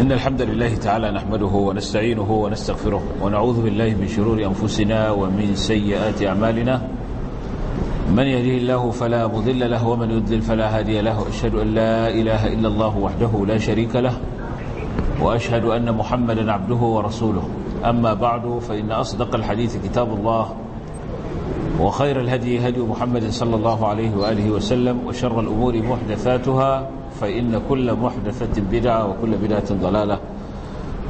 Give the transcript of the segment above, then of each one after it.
إن الحمد لله تعالى نحمده ونستعينه ونستغفره ونعوذ بالله من شرور أنفسنا ومن سيئات أعمالنا من يهديه الله فلا مضل له ومن يضلل فلا هادي له أشهد أن لا إله إلا الله وحده لا شريك له وأشهد أن محمدا عبده ورسوله أما بعد فإن أصدق الحديث كتاب الله وخير الهدي هدي محمد صلى الله عليه وآله وسلم وشر الأمور محدثاتها فإن كل محدثة بدعة وكل بدعة ضلالة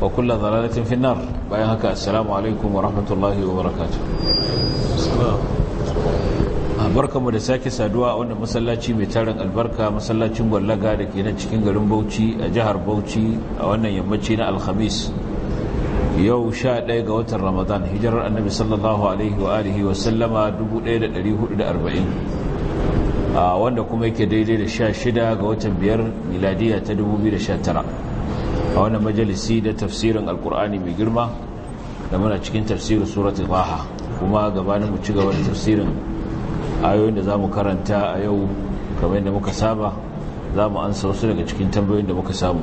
وكل ضلالة في النار بأيهك السلام عليكم ورحمة الله وبركاته barka mu da sake saduwa a wannan masallaci mai tarin albarka masallacin gwallaga da ke nan cikin garin bauchi a jihar bauchi a wannan yammaci na alhamis yau sha ɗaya ga watan ramadan hijirar annabi sallallahu alaihi wa alihi da 1440 wanda kuma yake daidai da sha shida ga watan biyar miladiya ta 2019 a wannan majalisi da tafsirin alkur'ani mai girma da muna cikin tafsirin suratun baha kuma gabanin mu ci gaba da tafsirin ayoyin da za mu karanta a yau kamar yadda muka saba za mu ansa wasu daga cikin tambayoyin da muka samu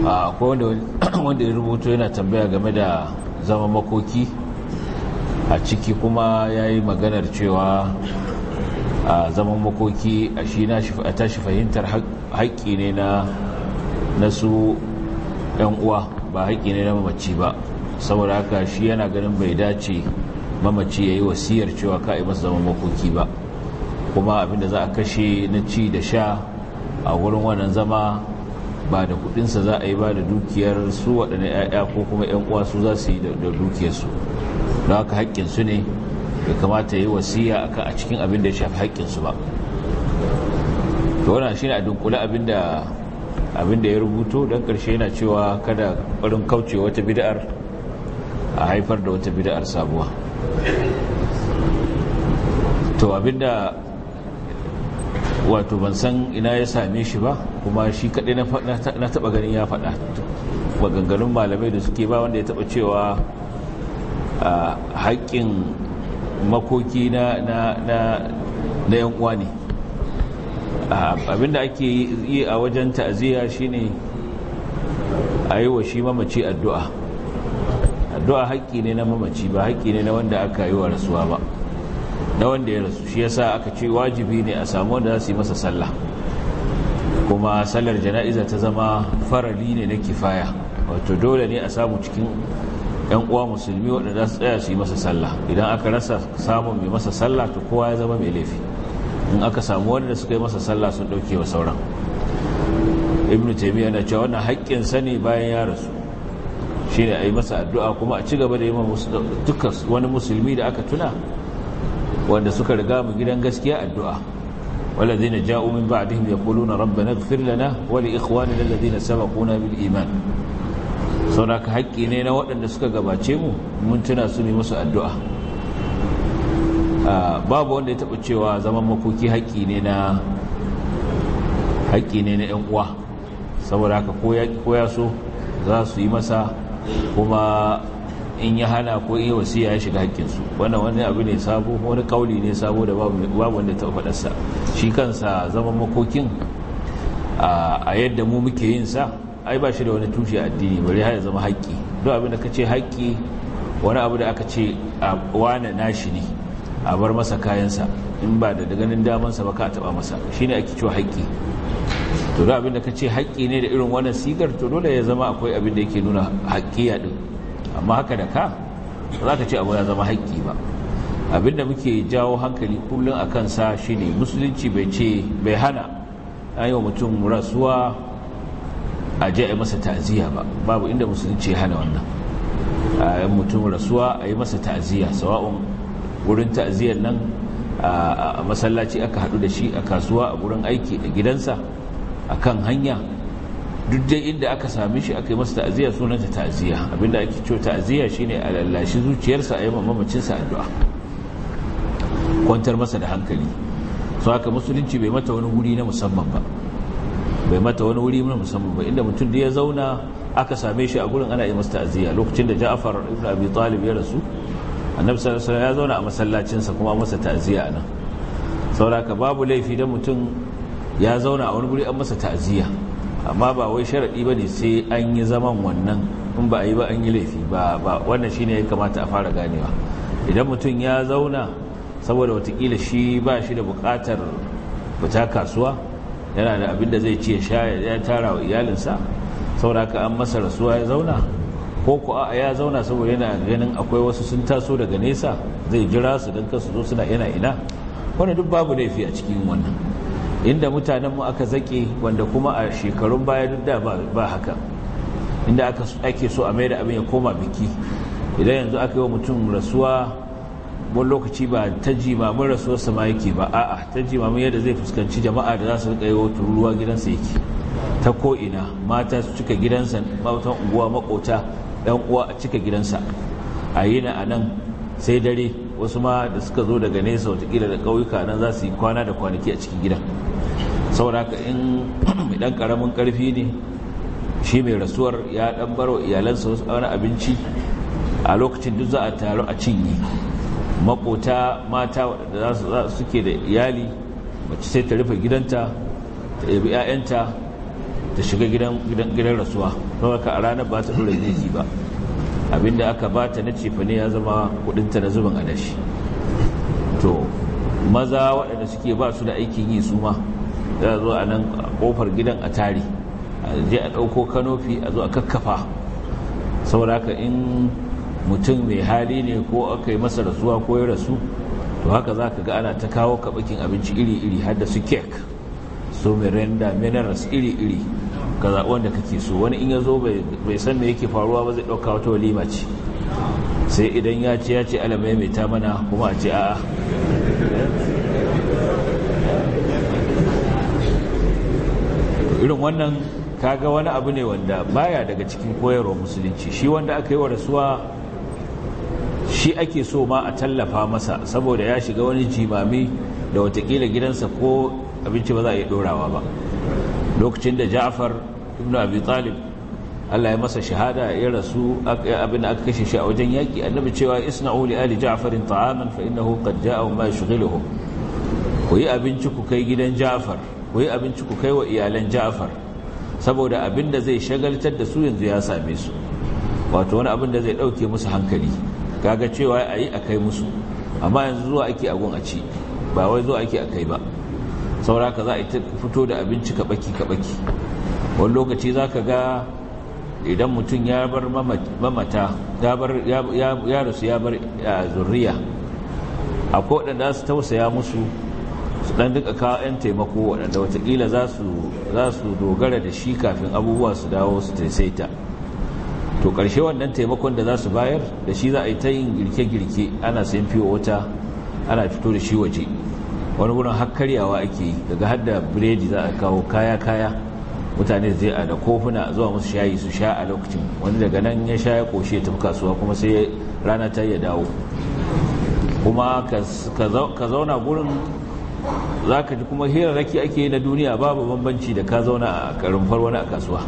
akwai wanda ya rubuto yana tambaya game da zama makoki a ciki kuma ya yi maganar cewa a zaman makoki a shi na tashi fahimtar haƙƙi ne na su ɗan uwa ba haƙƙi ne na mamaci ba saboda haka shi yana ganin bai dace mamaci ya yi wasiyar cewa kai masu zaman makoki ba kuma abinda za a kashe na ci da sha a wurin wannan zama ba da kudinsa za a yi ba da dukiyar su waɗanda 'ya'ya ko kuma 'yan uwa su za su yi da dukiyarsu don haka haƙƙinsu ne bai kamata ya yi wasiya akan a cikin abin da ya shafi su ba to wannan shine a dunkule abin da ya rubuto don ƙarshe yana cewa kada ƙarin kauce wata bid'ar a haifar da wata bid'ar sabuwa to abin da wato ban san ina ya same shi ba kuma shi kaɗai na taɓa ganin ya faɗa maganganun malamai da suke ba wanda ya taɓa cewa haƙƙin makoki na na na na yan uwa ne ah, abinda ake yi a wajen ta'aziyya shine a yi wa shi mamaci addu'a addu'a haƙƙi ne na mamaci ba haƙƙi ne na wanda aka yi wa rasuwa ba na wanda ya rasu shi yasa aka ce wajibi ne a samu wanda za su yi masa sallah kuma sallar jana'iza ta zama farali ne na kifaya wato dole ne a samu cikin yan uwa musulmi za su tsaya su yi masa sallah idan aka rasa samun mai masa sallah to kowa ya zama mai laifi in aka samu wanda suka yi masa sallah sun ɗauke wa sauran ibnu taimiyya na cewa wannan haƙƙin sani bayan ya rasu shi ne a yi masa addu'a kuma a ci gaba da yi duka wani musulmi da aka tuna wanda suka riga mu gidan gaskiya addu'a wala zai na ja'umin ba'adihim ya kuluna rabba na gafir lana wali ikhwani lalazina sabakuna bil iman sauraka haƙƙi ne na waɗanda suka gabace mu mun tuna su ne musu addu'a ah, babu wanda ya taɓa cewa zaman makoki haƙƙi ne na haƙƙi ‘yan uwa saboda haka ko ya so za su yi masa kuma in ya hana ko iya wasiya ya shiga haƙƙinsu wannan wani abu ne sabo wani kauli ne sabo da babu wanda ta faɗarsa shi kansa zaman makokin ah, a yadda mu muke yin sa ai ba shi da wani tushe addini bari har ya zama haƙƙi duk abin da ka ce haƙƙi wani abu da aka ce a wane nashi ne a bar masa kayansa in ba da ganin damansa ba ka taɓa masa shi ne ake cewa haƙƙi to da abin da ka ce haƙƙi ne da irin wani sigar to dole ya zama akwai abin da yake nuna ya ɗin amma haka da ka za ka ce abu ya zama haƙƙi ba abin da muke jawo hankali kullum a kansa shi ne musulunci bai ce bai hana an yi wa mutum rasuwa a je a masa ta'aziyya ba babu inda musulunci ya hana wannan a mutum rasuwa a yi masa ta'aziyya sawa'un wurin ta'aziyyar nan a masallaci aka hadu da shi a kasuwa a wurin aiki a gidansa a kan hanya duk dai inda aka sami shi aka yi masa ta'aziyya sunanta ta'aziyya abinda ake cewa ta'aziyya shine a lallashi zuciyarsa a yi mamacinsa addu'a kwantar masa da hankali so haka musulunci bai mata wani wuri na musamman ba bai mata wani wuri na musamman ba inda mutum da ya zauna aka same shi a gurin ana yi masa ta'aziyya lokacin da Ja'far ibn Abi Talib ya rasu Annabi sallallahu alaihi ya zauna a masallacin sa kuma masa ta'aziyya nan sauraka babu laifi da mutum ya zauna a wani guri an masa ta'aziyya amma ba wai sharadi ne sai an yi zaman wannan in ba a yi ba an yi laifi ba ba wannan shine ya kamata a fara ganewa idan mutum ya zauna saboda watakila shi ba shi da bukatar fita kasuwa yana da abin da zai ci ya sha ya tara wa iyalinsa saboda haka an masa rasuwa ya zauna ko ku a ya zauna saboda yana ganin akwai wasu sun taso daga nesa zai jira su don kasu zo suna yana ina wani duk babu laifi a cikin wannan inda mutanen mu aka zaƙe wanda kuma a shekarun baya duk da ba haka inda ake so a mai da abin ya koma biki idan yanzu aka yi wa mutum rasuwa mun lokaci ba ta jimamin wasu ma yake ba a'a ta jimamin yadda zai fuskanci jama'a da za su rika yawo tururuwa gidansa yake ta ina mata su cika gidansa matan unguwa makota dan uwa a cika gidansa a yi na a nan sai dare wasu ma da suka zo daga nesa watakila da ƙauyuka nan za su yi kwana da kwanaki a cikin gidan saboda in dan karamin karfi ne shi mai rasuwar ya dan baro iyalansa wani abinci a lokacin duk za a taru a cinye makota mata waɗanda suke da iyali mace sai ta rufe gidanta ta yabi 'ya'yanta ta shiga gidan rasuwa saboda a ranar ba ta ɗora zai ba abinda aka ba ta na cefa ne ya zama kudinta na zuban adashi to maza waɗanda suke ba su da aikin yi su ma za zo a nan ƙofar gidan a tari a je a ɗauko kanofi a zo a kakkafa saboda haka in mutum mai hali ne ko aka yi masa rasuwa ko ya rasu to haka za ka ga ana ta kawo kaɓakin abinci iri-iri har da su kek su merenda minerals iri-iri ka zaɓi wanda kake so wani in ya zo bai san mai yake faruwa ba zai ɗauka wata walima ce sai idan ya ce ya ce alamai mai ta mana kuma a ce a'a irin wannan kaga wani abu ne wanda baya daga cikin koyarwa musulunci shi wanda aka yi wa rasuwa shi ake so ma a tallafa masa saboda ya shiga wani jimami da watakila gidansa ko abinci ba za a yi dorawa ba lokacin da ja'far ibn abi talib Allah ya masa shahada ya rasu abin da aka kashe shi a wajen yaki annabi cewa isna'u uli ali ja'farin ta'aman fa innahu qad ja'a ma yushghiluhu ku yi abinci ku kai gidan ja'far ku yi abinci ku kai wa iyalan ja'far saboda abin da zai shagaltar da su yanzu ya same su wato wani abin da zai dauke musu hankali kaga cewa a yi a kai musu amma yanzu zuwa ake agun a ci ba wai zuwa ake a kai ba saura ka za a fito da abinci kaɓaki-kaɓaki wani lokaci za ka ga idan mutum ya bar mamata ya rasu ya bar zurriya a kowaɗanda su tausaya musu su ɗan duka kawo 'yan taimako waɗanda watakila za su dogara da shi kafin abubuwa su dawo su taisaita to ƙarshe wannan taimakon da za su bayar da shi za a yi ta yin girke-girke ana sayan fiye wata ana fito da shi waje wani wurin har ake yi daga hadda biredi za a kawo kaya-kaya mutane zai a da kofuna zuwa musu shayi su sha a lokacin wani daga nan ya sha ya koshe tafi kasuwa kuma sai rana ta ya dawo kuma ka zauna gurin za ka ji kuma hirarraki ake yi na duniya babu bambanci da ka zauna a karin wani a kasuwa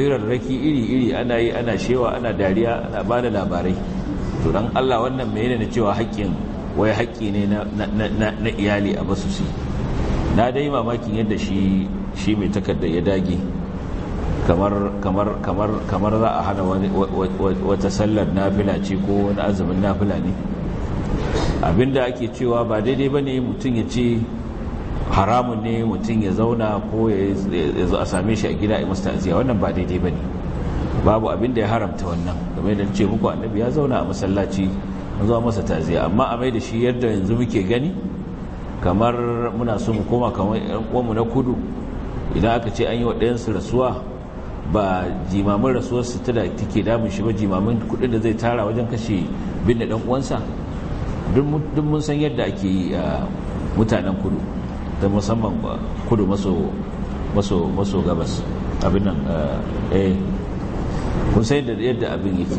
raki iri-iri ana yi ana shewa ana dariya ana ba da labarai to don allah wannan mai yana cewa haƙƙin wai haƙƙi ne na iyali a basu su na dai mamakin yadda shi mai takarda ya dage kamar za a hana wata sallar nafila ce ko wani azumin nafila ne abinda ake cewa ba daidai ba ne mutum ya ce haramun ne mutum ya zauna ko ya same shi a gida a mustaziya wannan ba daidai ba ne babu abin da ya haramta wannan game da ce muku annabi ya zauna a masallaci an zuwa masa taziya amma a mai da shi yadda yanzu muke gani kamar muna so mu koma kamar uwanmu na kudu idan aka ce an yi wa ɗayansu rasuwa ba jimamin rasuwar su ta da take damun shi ba jimamin kuɗin da zai tara wajen kashe bin da ɗan uwansa dun mun san yadda ake yi a mutanen kudu ta musamman ba kudu maso gabas abin nan eh, eh. kun sai da yadda abin yake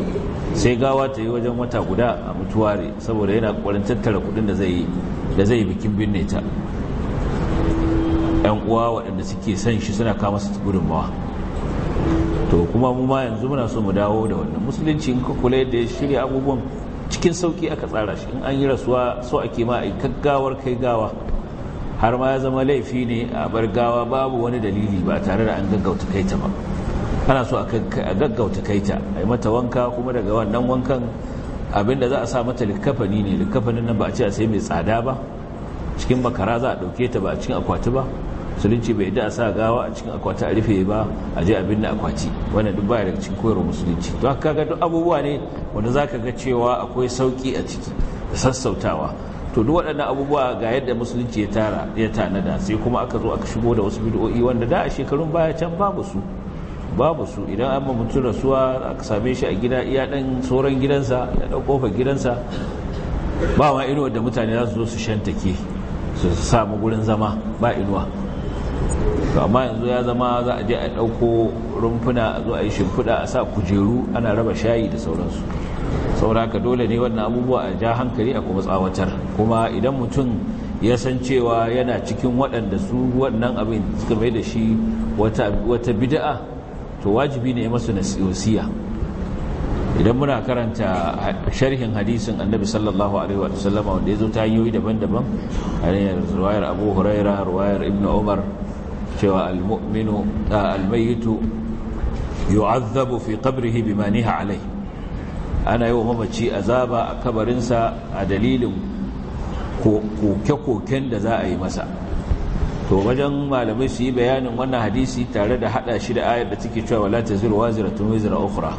sai gawa ta yi wajen wata guda a mutuware saboda yana kwarin tattara kudin da zai yi bikin binne ta yan uwa waɗanda suke son shi suna kama su gudunmawa to kuma mu ma yanzu muna so mu dawo da wannan musulunci in ka kula yadda ya shirya abubuwan cikin sauki aka tsara shi in an yi rasuwa so ake ma a yi gaggawar kai gawa har ma ya zama laifi ne a bar gawa babu wani dalili ba tare da an gaggauta kai ta ba ana so a gaggauta kai ta a yi mata wanka kuma daga wannan wankan abinda za a sa mata likafani ne likafanin nan ba a ce a sai mai tsada ba cikin makara za a ɗauke ta ba a cikin akwati ba musulunci bai da a sa gawa a cikin akwati a rufe ba a je abin da akwati wanda duk baya daga cikin koyarwar musulunci to haka ga duk abubuwa ne wanda za ka ga cewa akwai sauki a ciki da sassautawa to duk waɗannan abubuwa ga yadda musulunci ya tara ya tanada sai kuma aka zo aka shigo da wasu bid'o'i wanda da a shekarun baya can babu su babu su idan an mutu rasuwa aka same shi a gida iya ɗan sauran gidansa ya ɗan kofar gidansa ba ma inuwa da mutane za su zo su shantake su samu gurin zama ba inuwa to amma yanzu ya zama za a je a ɗauko rumfuna a zo a yi shimfiɗa a sa kujeru ana raba shayi da sauransu sauraka dole ne wannan abubuwa a ja hankali a kuma tsawatar kuma idan mutum ya san cewa yana cikin waɗanda su wannan abin suka mai da shi wata bida'a to wajibi ne masu nasiya idan muna karanta sharhin hadisin annabi sallallahu alaihi wa sallama wanda ya zo ta hanyoyi daban-daban hanyar ruwayar abu huraira ruwayar ibn umar cewa almu'minu almayitu yu'azzabu fi qabrihi bima niha ana yi wa mamaci azaba a kabarinsa a dalilin koke-koken da za a yi masa to wajen malamai su yi bayanin wannan hadisi tare da hada shi da ayar da take cewa wala taziru waziratun wizra ukhra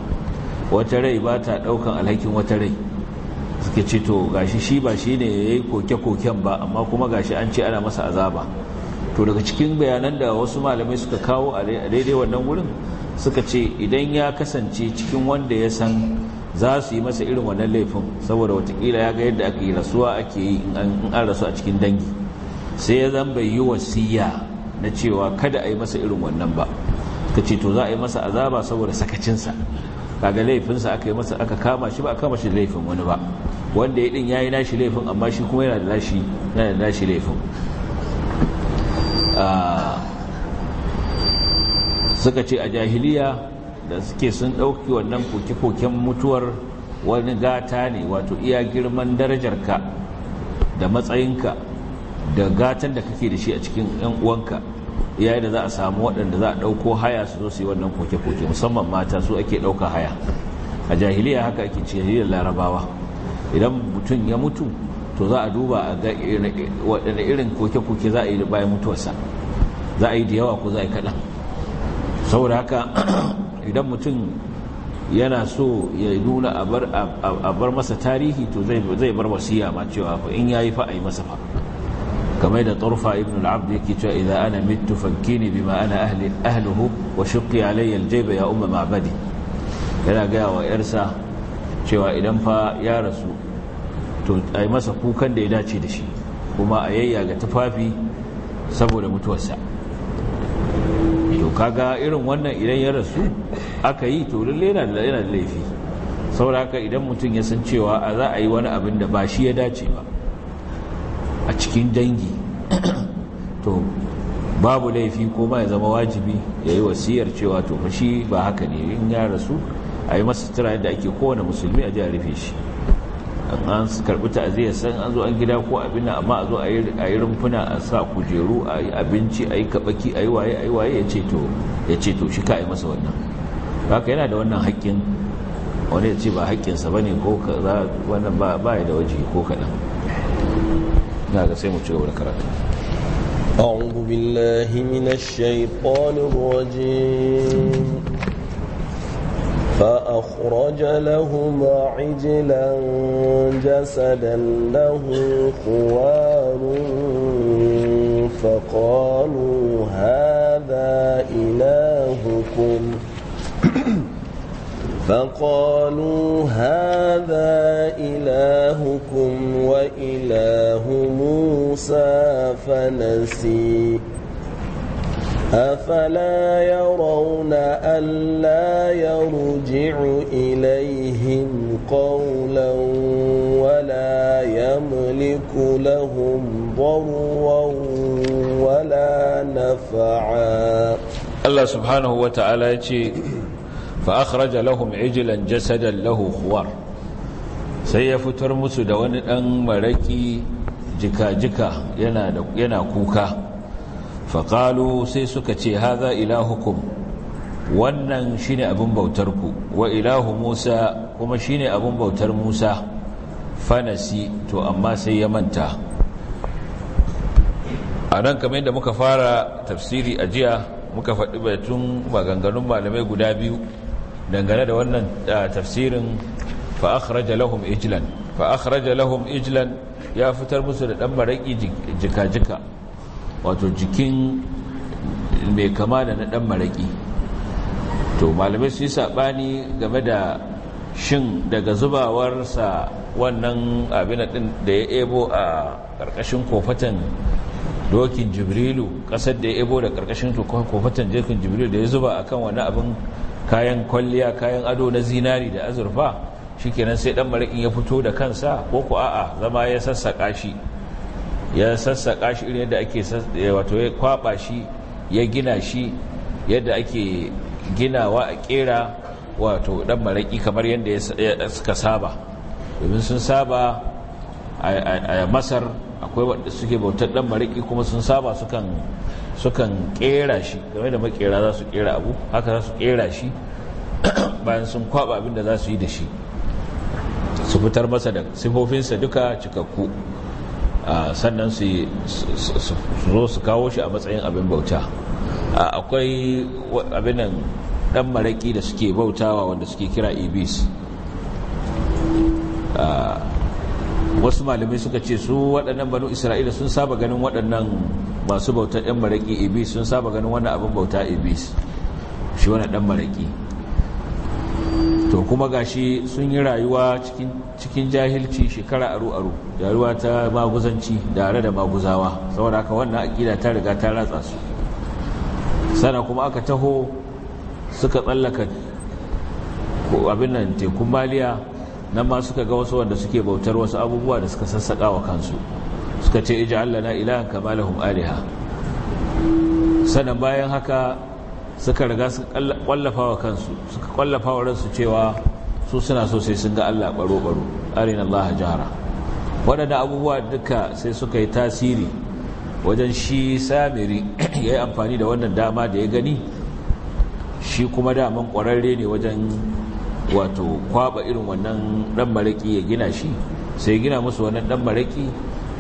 wata rai ba ta daukan alhakin wata rai suke ce to gashi shi ba shi ne yayi koke-koken ba amma kuma gashi an ce ana masa azaba to daga cikin bayanan da wasu malamai suka kawo a daidai wannan wurin suka ce idan ya kasance cikin wanda ya san za su yi masa irin wannan laifin saboda watakila ya ga yadda ake rasuwa ake yi in an rasu a cikin dangi sai ya zan bai yi wasiya na cewa kada a yi masa irin wannan ba ka ce to za a yi masa azaba saboda sakacinsa kaga laifinsa aka yi masa aka kama shi ba a kama shi laifin wani ba wanda ya din yi nashi laifin amma shi kuma yana yana da nashi laifin ah, suka ce a jahiliya da suke sun ɗauki wannan koke-koken mutuwar wani gata ne wato iya girman ka da matsayinka da gatan da kake da shi a cikin 'yan uwanka yayin da za a samu waɗanda za a ɗauko haya su zo su yi wannan koke-koke musamman mata su ake ɗauka haya a jahiliya haka ake jahiliyar larabawa idan mutum ya mutu to za a duba a ga waɗanda irin koke-koke za a yi bayan mutuwarsa za a yi da yawa ko za a yi kaɗan saboda haka idan mutum yana so ya nuna a bar masa tarihi to zai bar wasiya ma cewa in ya fa yi masa fa kamar da tsorfa ibn al-abd yake cewa idan ana mittu fankini bima ana ahli ahlihu wa shiqqi alayyar jai ya umma ma'badi yana gaya wa yarsa cewa idan fa ya rasu to ai masa kukan da ya dace da shi kuma a yayyaga tufafi saboda mutuwarsa kaga irin wannan idan ya rasu aka yi to lalle yana da yana laifi saboda haka idan mutum ya san cewa a za a yi wani abin da ba shi ya dace ba a cikin dangi to babu laifi ko ma ya zama wajibi ya yi wasiyar cewa to fa shi ba haka ne in ya rasu a yi masa tura yadda ake kowane musulmi a ji a rufe shi an karɓi ta'aziyya san an zo an gida ko abin amma a zo a yi rumfuna a sa kujeru a yi abinci a yi kabaki a yi waye a yi waye ya ce to shi ka yi masa wannan haka yana da wannan haƙƙin wani ya ce ba haƙƙinsa ba ne ko kaza wannan ba ya da waje ko kaɗan na ga sai mu ci gaba da karatu أعوذ بالله من الشيطان الرجيم فأخرج لهما عجلا جسدا له خوار فقالوا هذا إلهكم فقالوا هذا إلهكم وإله موسى فنسي أفلا يرون ألا يرجع إليهم قولا ولا يملك لهم ضرا ولا نفعا الله سبحانه وتعالى فأخرج لهم عجلا جسدا له خوار sai ya fitar musu da wani ɗan maraki jika-jika yana kuka faƙalu sai suka ce haza ilahukum wannan shine abin bautarku wa ilahu musa kuma shine abin bautar musa fanasi to amma sai ya manta a nan kamar yadda muka fara tafsiri a jiya muka faɗi batun maganganun malamai guda biyu dangane da wannan tafsirin fa akhraja lahum ijlan ijlan ya fitar musu da ɗan maraƙi jika-jika wato jikin mai kama da na dan maraƙi to malamai su yi saɓani game da shin daga zubawarsa wannan abin da ya ebo a ƙarƙashin kofatan dokin jibrilu ƙasar da ya ebo da ƙarƙashin kofatan jirgin jibrilu da ya zuba a kan wani abin kayan kwalliya kayan ado na zinari da azurfa shi kenan sai ɗan maraƙin ya fito da kansa ko ku a'a zama ya sassaƙa shi ya sassaƙa shi irin yadda ake wato ya kwaɓa shi ya gina shi yadda ake ginawa a ƙera wato ɗan maraƙi kamar yadda suka saba domin sun saba a masar akwai wadda suke bautar ɗan maraƙi kuma sun saba sukan ƙera shi game da maƙera za su ƙera abu haka za su ƙera shi bayan sun kwaɓa abin da za su yi da shi su fitar masa da sifofinsa duka cikakku Ah, sannan su zo su kawo shi a matsayin abin bauta ah, akwai abinan dan maraki da suke bautawa wanda suke kira ibis ah, wasu malamai suka ce su waɗannan banu isra'ila sun saba ganin waɗannan masu bautar yan maraƙi ibis sun saba ganin wannan abin bauta ibis shi wani ɗan maraki to kuma gashi sun yi rayuwa cikin jahilci shekara aru-aru yaruwa ta maguzanci dare da maguzawa saboda haka wannan akida ta riga ta ratsa su sana kuma aka taho suka tsallaka abin nan tekun maliya nan ma suka ga wasu wanda suke bautar wasu abubuwa da suka sassaƙa wa kansu suka ce iji allah na ilahan kamalahum aliha sannan bayan haka suka riga su kwallafa wa kansu suka kwallafa wa ransu cewa su suna so sai sun ga Allah baro-baro arin Allah jara waɗanda abubuwa duka sai suka yi tasiri wajen shi samiri ya yi amfani da wannan dama da ya gani shi kuma daman kwararre ne wajen wato kwaba irin wannan ɗan maraƙi ya gina shi sai gina musu wannan ɗan maraƙi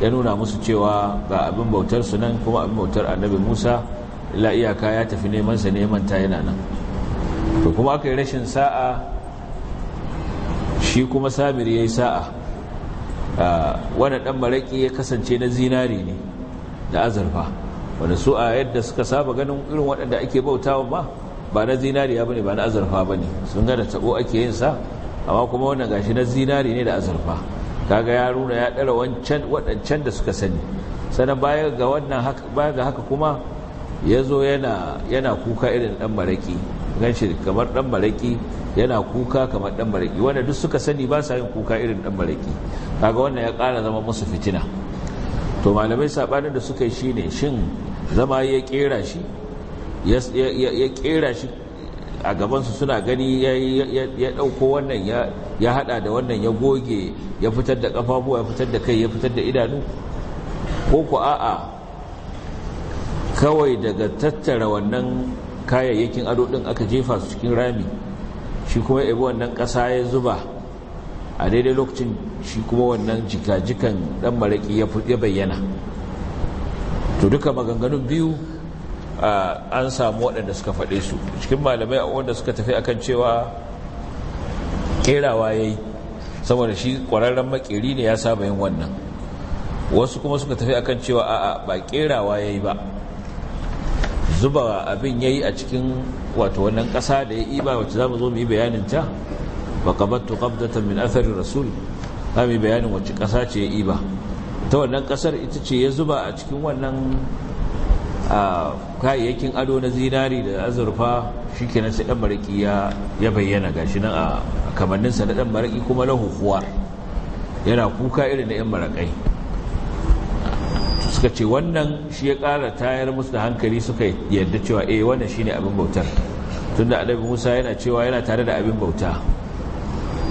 ya nuna musu cewa ga abin bautarsu nan kuma abin bautar annabi musa la iyaka ya tafi neman sa neman ta yana nan to kuma aka yi rashin sa'a shi kuma samir yayi sa'a wanda dan maraki ya kasance na zinari ne da azurfa wanda su a yadda suka saba ganin irin waɗanda ake bautawa ba ba na zinariya bane ba na azurfa bane sun ga da tabo ake yin sa amma kuma wannan gashi na zinari ne da azurfa kaga ya nuna ya ɗara wancan waɗancan da suka sani sannan baya ga wannan baya ga haka kuma ya zo yana kuka irin dan maraƙi ganshi kamar dan maraƙi yana kuka kamar dan maraƙi wanda duk suka sani ba sa yin kuka irin dan maraƙi kaga wannan ya kara zama musu fitina to malamai saɓanin da suka yi shine shin zama ya kera shi ya kera shi a gabansu suna gani ya dauko wannan ya hada da wannan ya goge ya fitar da kafafuwa ya fitar da kai ya fitar da idanu ko ku a'a kawai daga tattara wannan kayayyakin ado din aka jefa su cikin rami shi kuma ya wannan ƙasa ya zuba a daidai lokacin shi kuma wannan jika-jikan ɗan maraƙi ya bayyana to duka maganganun biyu an samu waɗanda suka faɗe su cikin malamai wanda suka tafi akan cewa kerawa ya yi saboda shi ƙwararren makeri ne ya saba yin wannan wasu kuma suka tafi akan cewa a'a ba kerawa ya yi ba zuba abin yayi a cikin wato wannan kasa da ya iba wacce za zo mu yi bayanin ta wa qabattu qabdatan min athari rasul mu yi bayanin wacce kasa ce ya iba ta wannan kasar ita ce ya zuba a cikin wannan kayayyakin ado na zinari da azurfa shi na sai ɗan maraƙi ya bayyana gashi nan a kamanninsa na ɗan maraƙi kuma na yana kuka irin na 'yan marakai suka ce wannan shi ya ƙara tayar musu da hankali suka yadda cewa eh wannan shi ne abin bautar tun da annabi Musa yana cewa yana tare da abin bauta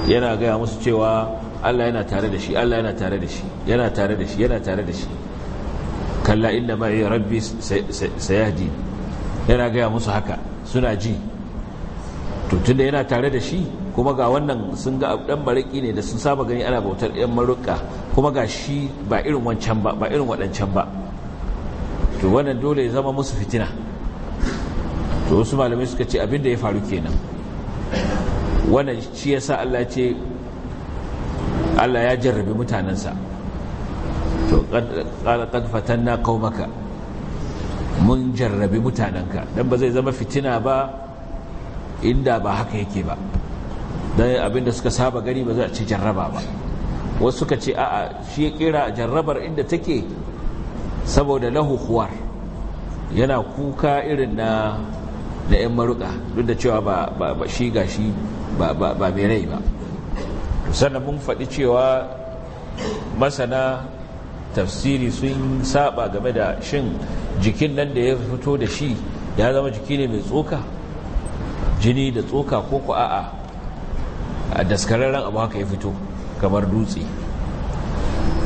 yana gaya musu cewa Allah yana tare da shi Allah yana tare da shi yana tare da shi yana tare da shi kalla inda ma ya rabbi sayahdi yana gaya musu haka suna ji to da yana tare da shi kuma ga wannan sun ga dan maraƙi ne da sun saba gani ana bautar yan maruka kuma ga shi ba irin wancan ba ba irin waɗancan ba to wannan dole ya zama musu fitina to wasu malamai suka ce abinda ya faru kenan wannan shi ya sa Allah ce Allah ya jarrabe mutanensa to qad fatanna qaumaka mun jarrabe mutanenka dan ba zai zama fitina ba inda ba haka yake ba don abinda suka saba gari ba za a ci jarraba ba wasu suka ce a'a shi ya kera jarrabar inda take saboda lahu kuwar yana kuka irin na na 'yan maruka duk da cewa ba shi ga shi ba mai rai ba sannan mun faɗi cewa masana tafsiri sun saba game da shin jikin nan da ya fito da shi ya zama jiki ne mai tsoka jini da tsoka ko ku a'a daskararren abu haka ya fito kamar dutse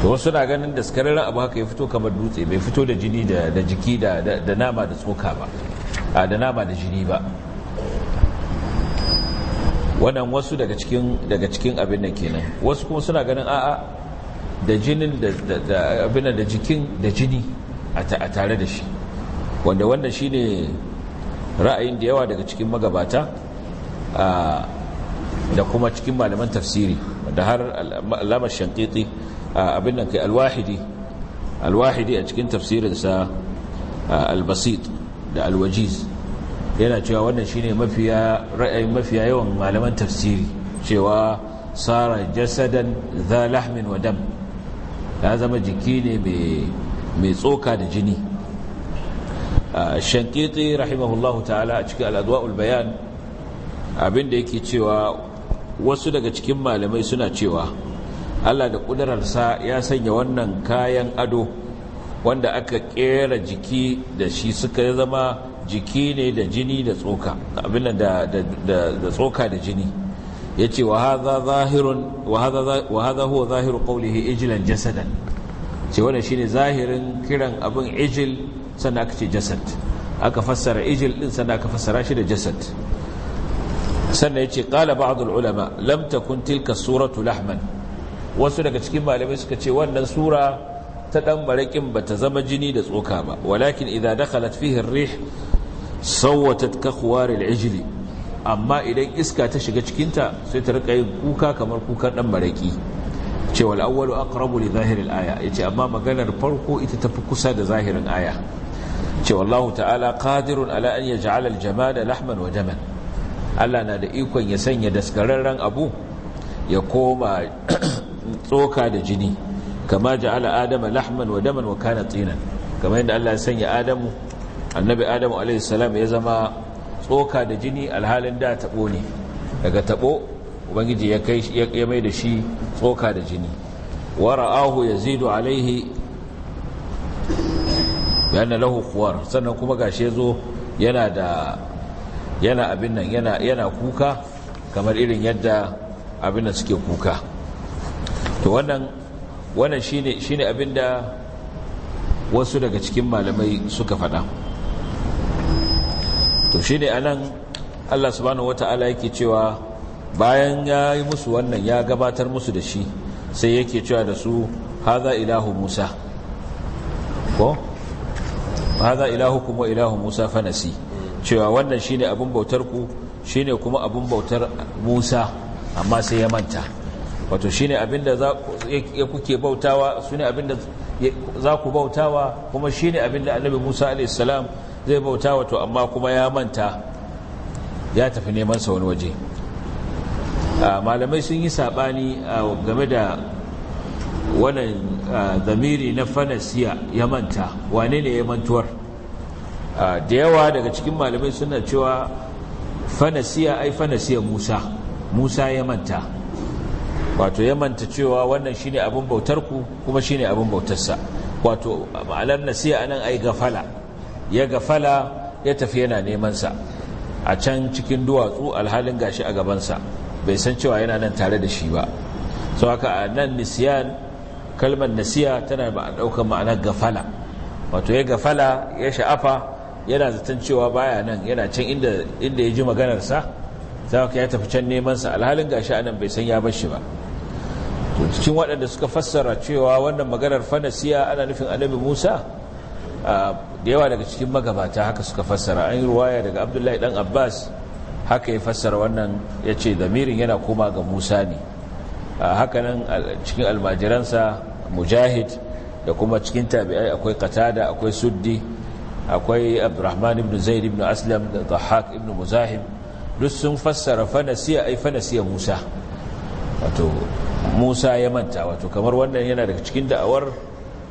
to wasu na ganin daskararren abu haka ya fito kamar dutse bai fito da jini da jiki da nama da tsoka ba a da nama da jini ba wannan wasu daga cikin abin da kenan wasu kuma suna ganin a'a da jinin da abin da jikin da jini a tare da shi wanda wannan shine ra'ayin da yawa daga cikin magabata a da kuma cikin malaman tafsiri da har alamar shankiti abin nan kai alwahidi alwahidi a cikin tafsirinsa albasit da alwajiz yana cewa wannan shine mafiya ra'ayin mafiya yawan malaman tafsiri cewa sara jasadan za lahmin wa dam ya zama jiki ne mai tsoka da jini shankiti rahimahullahu ta'ala a cikin al'adwa'ul bayan abinda yake cewa wasu daga cikin malamai suna cewa Allah da ƙudurarsa ya sanya wannan kayan ado wanda aka ƙera jiki da shi suka zama jiki ne da jini da tsoka abin da tsoka da jini ya ce wa haza huwa zahiru ƙaunihi ijilan jasadan ce wannan shi ne zahirin kiran abin ijil sannan aka ce jasad aka fassara ijil ɗin sannan aka fassara shi da jasad sannan ya ce ƙala ba'adul ulama lam takun tilka suratu lahman wasu daga cikin malamai suka ce wannan sura ta ɗan maraƙin ba ta zama jini da tsoka ba walakin idan dakhalat fi hirrih sawwatat ka khuwaril ijli amma idan iska ta shiga cikinta sai ta rika yin kuka kamar kukan ɗan maraƙi ce wal awwalu aqrabu li zahiril aya yace amma maganar farko ita tafi kusa da zahirin aya ce wallahu ta'ala qadirun ala an yaj'ala al jamada lahman wa daman Allah na da ikon ya sanya daskararren abu ya koma tsoka da jini kama ja'ala adama lahman wa daman wa kana tsinan Kama yadda Allah ya sanya adamu annabi adamu salam ya zama tsoka da jini alhalin da tabo ne daga taɓo ubangiji ya kai ya mai da shi tsoka da jini wa ra'ahu yazidu alaihi ya lahu khuwar sannan kuma gashi yazo yana da yana abin nan yana kuka kamar irin yadda abin nan suke kuka to wannan wannan shine shine abin da wasu daga cikin malamai suka faɗa to shine anan Allah subhanahu wataala yake cewa bayan ya yi musu wannan ya gabatar musu da shi sai yake cewa da su haza ilahu musa ko haza ilahu kuma ilahu musa fanasi cewa wannan shine abin bautar ku shine kuma abin bautar Musa amma sai ya manta wato shine abinda za ya kuke bautawa sune abinda za ku bautawa kuma shine abinda Annabi Musa alayhi salam zai bauta wato amma kuma ya manta ya tafi neman sa wani waje malamai sun yi sabani game da wannan zamiri na fanasiya ya manta wane ne ya mantuwar Ah, da yawa daga cikin malamai suna cewa fanasiya ai fanasiya musa musa ya manta wato ya manta cewa wannan shine abin bautar ku kuma shine abin bautarsa wato ma'anar nasiya anan ai gafala ya gafala ya tafi yana neman sa a can cikin duwatsu alhalin gashi a gabansa bai san cewa yana nan tare da shi ba so haka a nan nisiyan kalmar nasiya tana ba a ɗaukar ma'anar gafala wato ya gafala ya sha'afa yana zaton cewa baya nan yana can inda ya ji maganarsa za ka ya tafi can neman sa alhalin gashi a nan bai san ya bashi shi ba cikin waɗanda suka fassara cewa wannan maganar fanasiya ana nufin annabi musa da yawa daga cikin magabata haka suka fassara an yi ruwaya daga abdullahi dan abbas haka ya fassara wannan ya ce zamirin yana koma ga musa ne haka nan cikin almajiransa mujahid da kuma cikin tabi'ai akwai katada akwai suddi akwai abdurrahman ibn zaid ibn aslam da dhahak ibn muzahim duk sun fassara fanasiya ai fanasiya musa wato musa ya manta wato kamar wannan yana daga cikin da'awar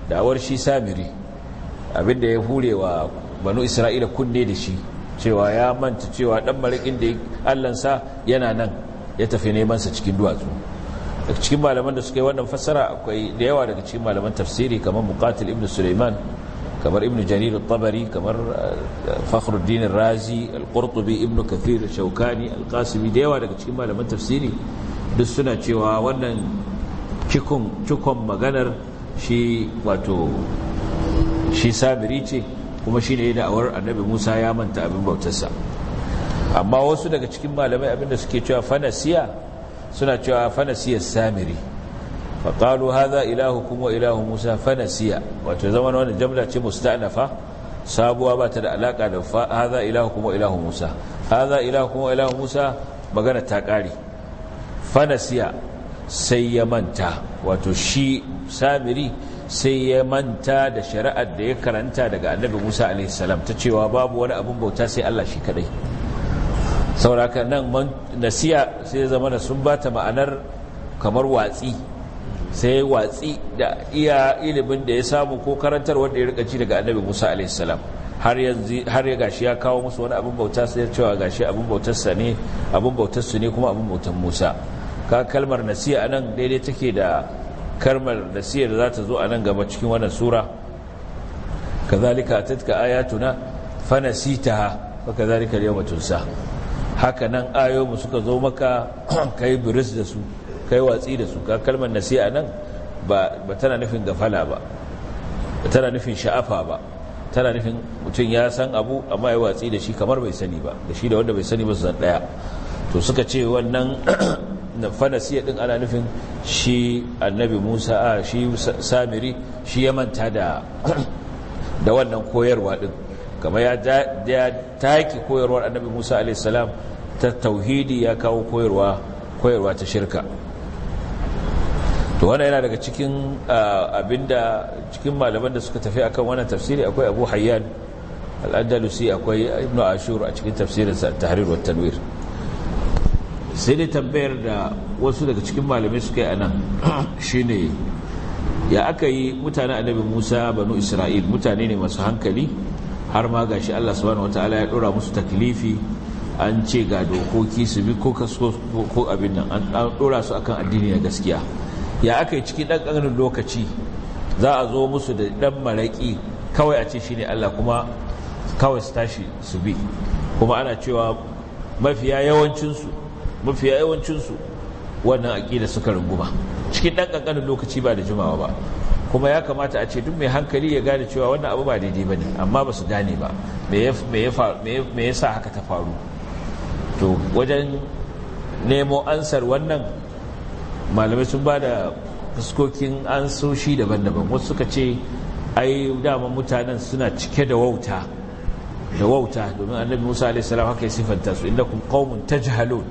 da'awar shi samiri abinda ya hure wa banu isra'ila kunne da shi cewa ya manta cewa dan marikin da allansa yana nan ya tafi neman sa cikin duwatsu daga cikin malaman da suka yi wannan fassara akwai da yawa daga cikin malaman tafsiri kamar muqatil ibn sulaiman kamar ibn jarir tabari kamar fakhruddin razi al-qurtubi ibn kathir shaukani al-qasimi da yawa daga cikin malaman tafsiri duk suna cewa wannan cikon cikon maganar shi wato shi sabiri ce kuma shi ne da'awar annabi musa ya manta abin bautarsa amma wasu daga cikin malamai abinda suke cewa fanasiya suna cewa fanasiyar samiri faƙalu haza ilahukum kuma ilahu musa fanasiya wato zama wani jamla ce musta'nafa sabuwa ba ta da alaƙa da haza ilahukum wa ilahu musa haza ilahukum kuma ilahu musa magana ta ƙare fanasiya sai ya manta wato shi samiri sai ya manta da shari'ar da ya karanta daga annabi musa alaihi ta cewa babu wani abin bauta sai allah shi kadai sauraka nan nasiya sai zama da sun ba ta ma'anar kamar watsi sai watsi da iya ilimin da ya samu ko karantar wanda ya rikaci daga annabi musa alaihissalam har har ya gashi ya kawo musu wani abin bauta sai ya cewa gashi abin bautar ne abin bautar ne kuma abin bautar musa ka kalmar nasiya anan daidai take da kalmar nasiya da za ta zo nan gaba cikin wannan sura kazalika atatka ayatuna fanasitaha wa kazalika al-yawma tunsa haka nan ayoyi suka zo maka kai biris da su kai watsi da su ka kalmar nasi'a nan ba tana nufin gafala ba tana nufin sha'afa ba tana nufin mutum ya san abu amma ya watsi da shi kamar bai sani ba da shi da wanda bai sani ba su zan daya to suka ce wannan siya din ana nufin shi annabi musa a shi samiri shi ya manta da da wannan koyarwa din kamar ya taki koyarwar annabi musa salam ta tauhidi ya kawo koyarwa ta shirka to wannan yana daga cikin ah, abinda cikin malaman da suka tafi akan wannan tafsiri akwai abu hayyan al akwai ibnu ashur a cikin tafsirinsa tahrir wa tanwir sai dai tambayar da wasu daga cikin malamai suka yi anan shine ya aka yi mutane annabi Musa banu Isra'il mutane ne masu hankali har ma gashi Allah subhanahu wataala ya dora musu taklifi an ce ga dokoki su bi ko kaso ko abin nan an dora su akan addini na gaskiya ya aka yi ciki ɗan ƙanganin lokaci za a zo musu da ɗan maraƙi kawai a ce shi ne Allah kuma kawai su tashi su bi kuma ana cewa mafiya yawancinsu mafiya yawancinsu wannan aƙida suka runguma cikin ɗan ƙanƙanin lokaci ba da jimawa ba kuma ya kamata a ce duk mai hankali ya gane cewa wannan abu ba daidai ba ne amma ba su gane ba me ya sa haka ta faru to wajen nemo ansar wannan malamai sun ba da fuskokin an soshi daban-daban wasu suka ce ai dama mutanen suna cike da wauta da wauta domin annabi musa salam haka ya siffanta su inda kun kawun ta ku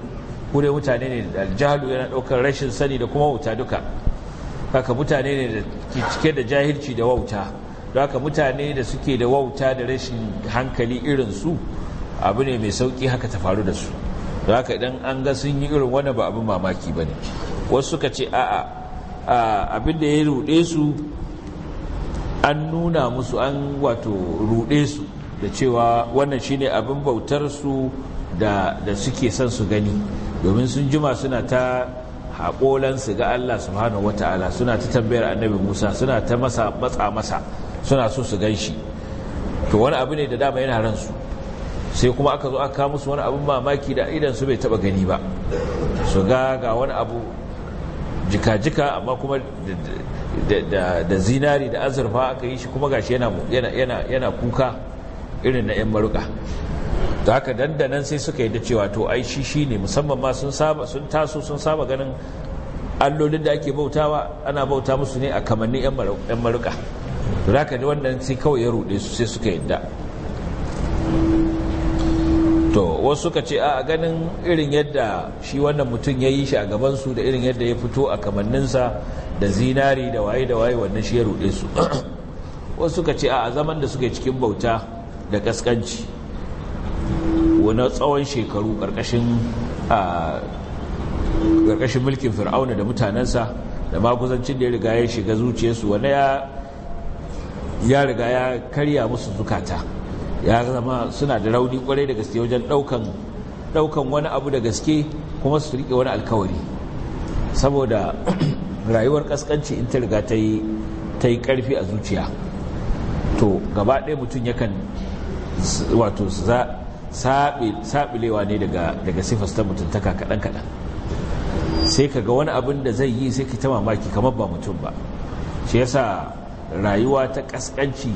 kure mutane ne da aljahalu yana daukar rashin sani da kuma wauta duka haka mutane ne da ke cike da jahilci da wauta don haka mutane da suke da wauta da rashin hankali irin su abu ne mai sauki haka ta faru da su don haka idan an ga sun yi irin wani ba abin mamaki ba ne wasu suka ce a'a abin da ya ruɗe su an nuna musu an wato ruɗe su da cewa wannan shine abin bautar su da suke son su gani domin sun jima suna ta haƙolan su ga Allah subhanahu wata'ala suna ta tambayar annabi Musa suna ta masa matsa masa suna so su gan shi to wani abu ne da dama yana ransu sai kuma aka zo aka musu wani abin mamaki da idan su bai taba gani ba su ga ga wani abu jika-jika amma kuma da zinari da azurfa aka yi shi kuma gashi yana kuka irin na 'yan maruka da haka dandanan sai suka yi da cewa to ai shi shi ne musamman ma sun taso sun saba ganin allolin da ake bautawa ana bauta musu ne a kamannin 'yan maruka da haka wannan sai kawai ya ruɗe su sai suka yadda to wasu suka ce a ganin irin yadda shi wannan mutum ya yi shi a gabansu da irin yadda ya fito a kamanninsa da zinari da waye da waye wannan shi ya ruɗe su wasu suka ce a zaman da suke cikin bauta da kaskanci wani tsawon shekaru ƙarƙashin mulkin fir'auna da mutanensa da maguzancin da ya riga ya shiga zuciyarsu wani ya riga ya karya musu zukata ya zama suna da rauni kwarai da gaske wajen daukan wani abu da gaske kuma su rike wani alkawari saboda rayuwar kaskanci in ta riga ta yi ta karfi a zuciya to gaba ɗaya mutum yakan wato saɓilewa ne daga sifas ta mutuntaka kaɗan-kaɗan sai ka ga wani abin da zai yi sai ka ta mamaki kamar ba mutum ba shi yasa rayuwa ta ƙasƙanci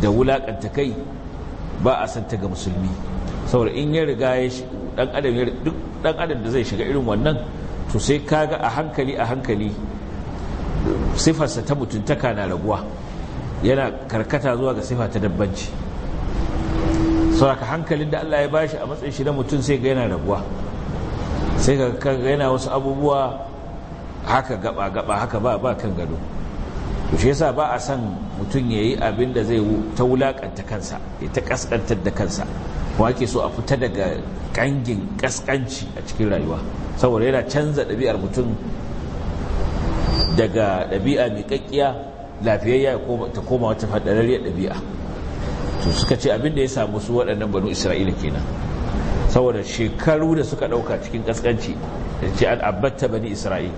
da wulaƙanta kai ba a santa ga musulmi saboda in ya riga ya dan adam da zai shiga irin wannan to sai kaga a hankali a hankali sifarsa ta mutuntaka na raguwa yana karkata zuwa ga sifa ta dabbanci saboda hankali da Allah ya bashi a matsayin shi na mutum sai ga yana raguwa sai ga yana wasu abubuwa haka gaba gaba haka ba ba kan gado to shi yasa ba a san mutum ya yi abin da zai ta wulaƙanta kansa ya ta ƙasƙantar da kansa ko ake so a fita daga ƙangin ƙasƙanci a cikin rayuwa saboda yana canza ɗabi'ar mutum daga ɗabi'a mai ƙaƙƙiya lafiyayya ta koma wata faɗararriyar ɗabi'a to suka ce abin da ya samu su waɗannan banu isra'ila kenan saboda shekaru da suka ɗauka cikin ƙasƙanci da ce an abatta bani isra'ila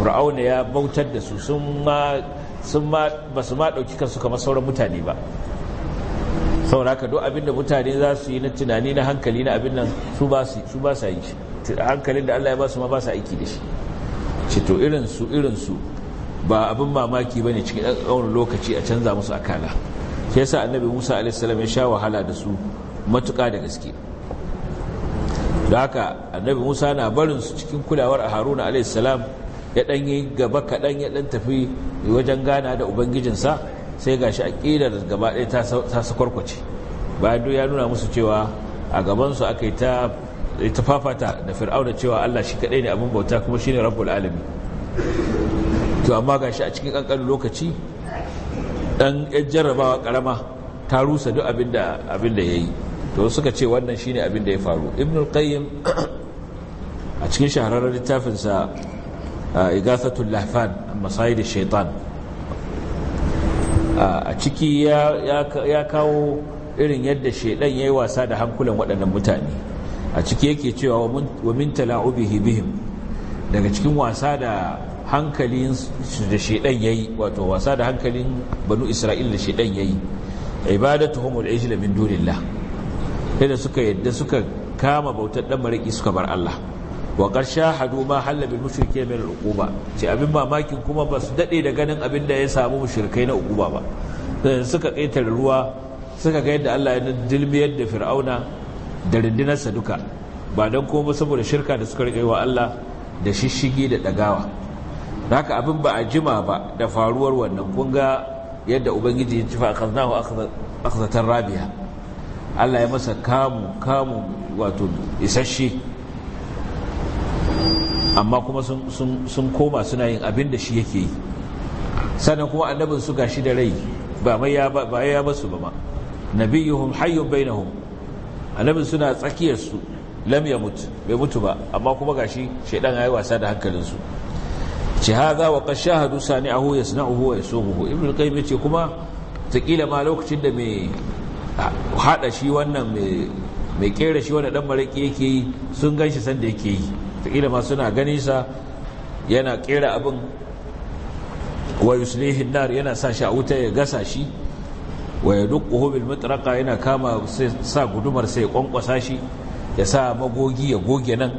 fir'auna ya bautar da su sun ma sun ba su ma ɗauki kansu kamar sauran mutane ba sauraka duk abin da mutane za su yi na tunani na hankali na abin nan su ba su yi shi hankalin da Allah ya ba su ma ba su aiki da shi ce to irinsu irinsu ba abin mamaki ba ne cikin ɗan lokaci a canza musu akala shi sa annabi musa alaihissalam ya sha wahala da su matuƙa da gaske da haka annabi musa na barinsu cikin kulawar a haruna alaihissalam ya ɗan yi gaba kaɗan ya ɗan tafi wajen gana da ubangijinsa sai ga shi aƙidar gaba ɗaya ta su bayan ya nuna musu cewa a gabansu aka yi ta fafata da fir'auna cewa allah shi kaɗai ne abin bauta kuma shi ne rabbul alami to amma ga shi a cikin ƙanƙanin lokaci ɗan yan jarrabawa ƙarama ta rusa duk abin da ya yi to suka ce wannan shi ne abin da ya faru ibn qayyim a cikin shahararren littafinsa igasatul lahfan masayid shaitan a ciki ya kawo irin yadda shaidan yi wasa da hankulan waɗannan mutane a ciki yake cewa wa min tala'ubihi bihim daga cikin wasa da hankalin da shaidan yi. wato wasa da hankalin banu isra'il da shaidan yayi yi. al-ijla min dunillah sai da suka yadda suka kama bautar ɗan mariki suka bar Allah wa ƙarsha hadu ma halabin mushrike mai al'uquba ce abin mamakin kuma ba su daɗe da ganin abin da ya samu mushrikai na uquba ba eh, suka ƙetar ruwa suka ga yadda Allah ya dilmiyar da fir'auna da rindinarsa duka ba don kuma saboda shirka da suka riƙe wa Allah da shishigi da ɗagawa haka abin ba a jima ba da faruwar wannan kun ga yadda ubangiji ya ci fa a akhzatan rabiya Allah ya masa kamu kamu wato isasshe amma kuma sun koma suna yin abin da shi yake yi sannan kuma annabin su gashi da rai ba mai ya ba ya basu ba ma nabiyuhum hayyun bainahum annabin suna tsakiyar su lam mutu bai mutu ba amma kuma gashi shaydan yayi wasa da hankalin su ce hadha wa qad shahadu sani'ahu yasna'uhu wa yasubuhu ibnu qayyim yace kuma takila ma lokacin da mai hada shi wannan mai kera shi wannan dan maraki yake yi sun ganshi san da yake yi wataƙila ma suna ganin sa yana ƙera abin wa yuslihin nar yana sa shi a wuta ya gasa shi wa ya duk yana kama sa gudumar sai ya ƙwanƙwasa shi ya sa magogi ya goge nan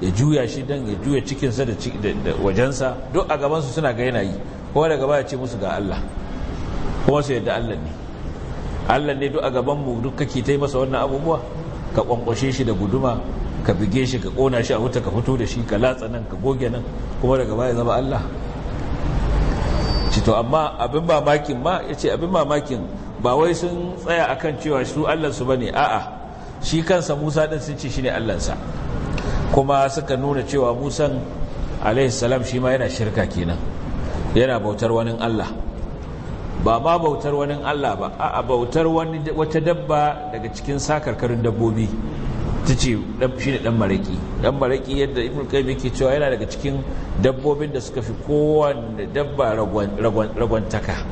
ya juya shi dan ya juya cikinsa da wajensa duk a gabansu suna ga yanayi kuma daga baya ce musu ga Allah kuma su yadda Allah ne Allah ne duk a gabanmu duk kake ta masa wannan abubuwa ka kwankwashe shi da guduma ka bige shi ka kona shi a wuta ka fito da shi ka latsa nan ka goge nan kuma daga baya zama Allah cito amma abin mamakin ma ya ce abin mamakin ba wai sun tsaya akan cewa su allansu ba ne a'a shi kansa musa ɗin sun ce shi ne allansa kuma suka nuna cewa musan alaihissalam shi ma yana shirka kenan yana bautar wani allah ba ma bautar wani allah ba a'a bautar wata dabba daga cikin sakarkarin dabbobi ta ce shi ne dan maraƙi dan maraƙi yadda ibn kaimi ke cewa yana daga cikin dabbobin da suka fi kowanne dabba ragwantaka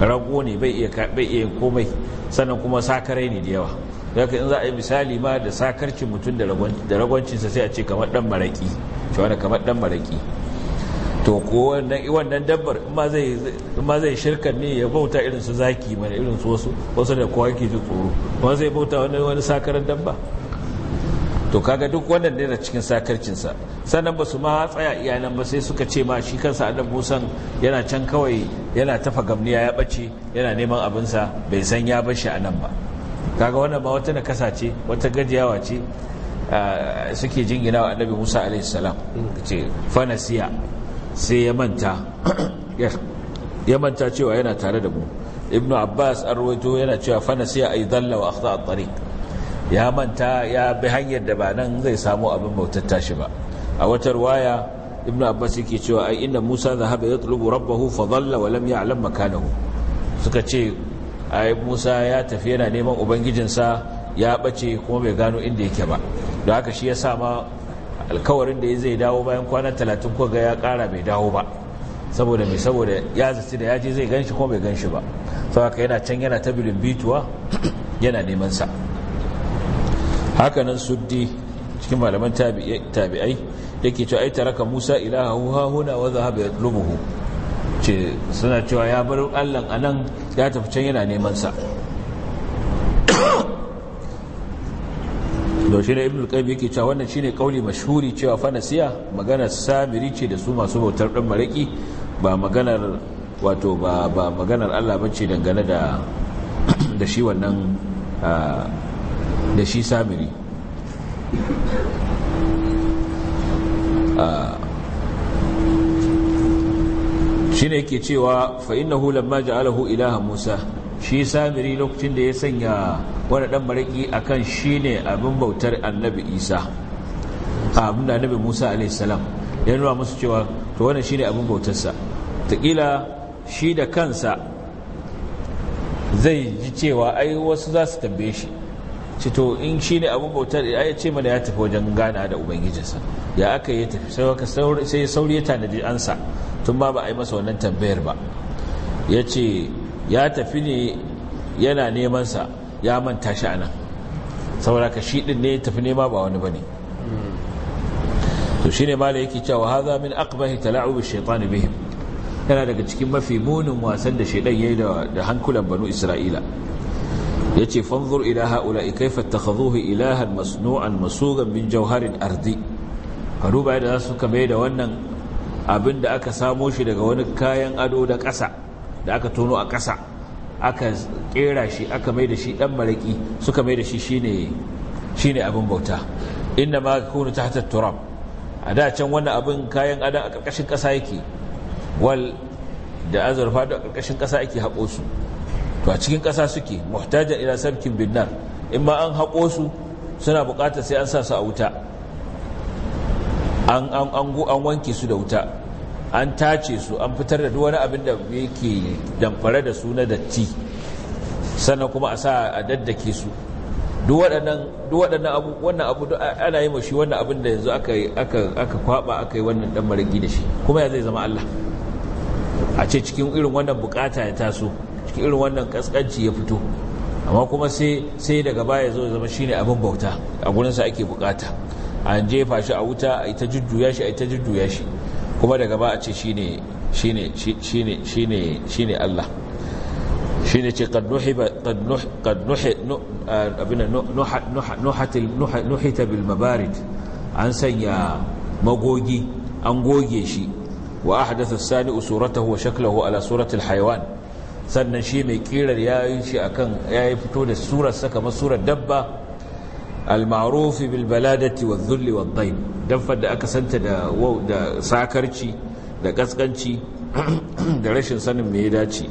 rago ne bai iya komai sannan kuma sakarai ne da yawa daga in za a yi misali ma da sakarcin mutum da ragwancinsa sai a ce kamar dan maraƙi cewa da kamar dan maraƙi to ko wannan dabbar in ma zai shirkan ne ya bauta irin su zaki mana irin su wasu wasu da kowa ke ji tsoro ko zai bauta wani sakarar dabba to kaga duk wannan da cikin sakarcinsa sannan ba su ma tsaya iyalan ba sai suka ce ma shi kansa adam musan yana can kawai yana tafa gamniya ya bace yana neman abinsa bai san ya bar shi a nan ba kaga wannan ba wata nakasa ce wata gajiyawa ce suke jingina wa annabi musa alaihi salam ce fanasiya sai ya manta ya manta cewa yana tare da mu ibnu abbas arwaito yana cewa fanasiya ay dalla wa akhta at-tariq ya manta ya bi hanyar da ba nan zai samu abin bautar shi ba a wata ruwaya ibn abbas yake cewa ai inda musa zahaba yatlubu rabbahu fa dhalla wa lam ya'lam makanahu suka ce ai musa ya tafi yana neman ubangijinsa ya bace kuma bai gano inda yake ba Da haka shi ya sa ma alkawarin da zai dawo bayan kwana 30 ko ga ya kara bai dawo ba saboda mai saboda ya zaci da ya je zai ganshi kuma bai ganshi ba saboda yana can yana ta bilin bituwa yana neman sa hakanan suddi cikin malaman tabi'ai yake cewa ai taraka musa ilahu huna wa zahaba yatlumuhu ce suna cewa ya bar allan anan ya tafi can yana neman sa da shi ne ibn al-qayyim yake cewa wannan shine kauli mashhuri cewa fanasiya magana samiri ce da su masu bautar dan maraki ba maganar wato ba ba maganar Allah bace dangane da da shi wannan ah, da shi samiri ah. shi ne ke cewa fa'innahu lamma ja'alahu ilaha musa shi samiri lokacin da ya sanya wani ɗan maraƙi a kan shi ne abin bautar annabi isa abin da annabi musa a.s. ya nuna musu cewa to wani shi ne abin bautarsa taƙila shi da kansa zai ji cewa ai wasu za su tambaye shi ci to in shi ne abin bautar ya ce mana ya tafi wajen gana da ubangijinsa ya aka yi tafi sai ya sauri ya tanadi ansa tun ba ba a yi masa wannan tambayar ba ya ce ya tafi ne yana nemansa ya manta shi a nan saboda ka shi ɗin ne ya tafi nema ba wani ba ne to shi ne mala yake cewa haza min aqbahi tala'ubi shaitani bihim yana daga cikin mafi munin wasan da shaidan ya yi da hankulan banu isra'ila yace fanzur ilaha haula'i kayfa takhadhuhu ilahan masnu'an masugan min jawharin ardi ka duba yadda za su kame da wannan abin da aka samo shi daga wani kayan ado da ƙasa da aka tono a ƙasa aka kera shi aka mai da shi dan maraki suka mai da shi shine shine abin bauta inna ma yakunu tahta turab a da can wannan abin kayan ado a ƙarƙashin ƙasa yake wal da azurfa da ƙarƙashin ƙasa ake haƙo su to a cikin ƙasa suke muhtajar ila sabkin binnar in ma an haƙo su suna buƙatar sai an sa su a wuta an wanke su da wuta an tace su an fitar da wani abin da yake damfare da su na datti sannan kuma a sa a daddake su duk waɗannan abu wannan abu ana yi mashi wannan abin da yanzu aka kwaba aka yi wannan dan marigi da shi kuma ya zai zama Allah a ce cikin irin wannan bukata ya taso cikin irin wannan kaskanci ya fito amma kuma sai daga baya zo zama shine abin bauta a gurinsa ake bukata an jefa shi a wuta a ita jujjuya shi a ita jujjuya shi kuma daga ba a ce shine shine shine shine shine Allah shine ce qad nuhiba qad nuh qad eh, an sanya magogi an goge shi wa ahdatha as-sani suratahu wa shaklahu ala surati al-hayawan sannan shi mai kirar ya yi shi ya yi fito da surar saka masurar dabba almarufi marufi bil baladati wa dhulli wa da aka santa da sakarci da kaskanci da rashin sanin mai ya dace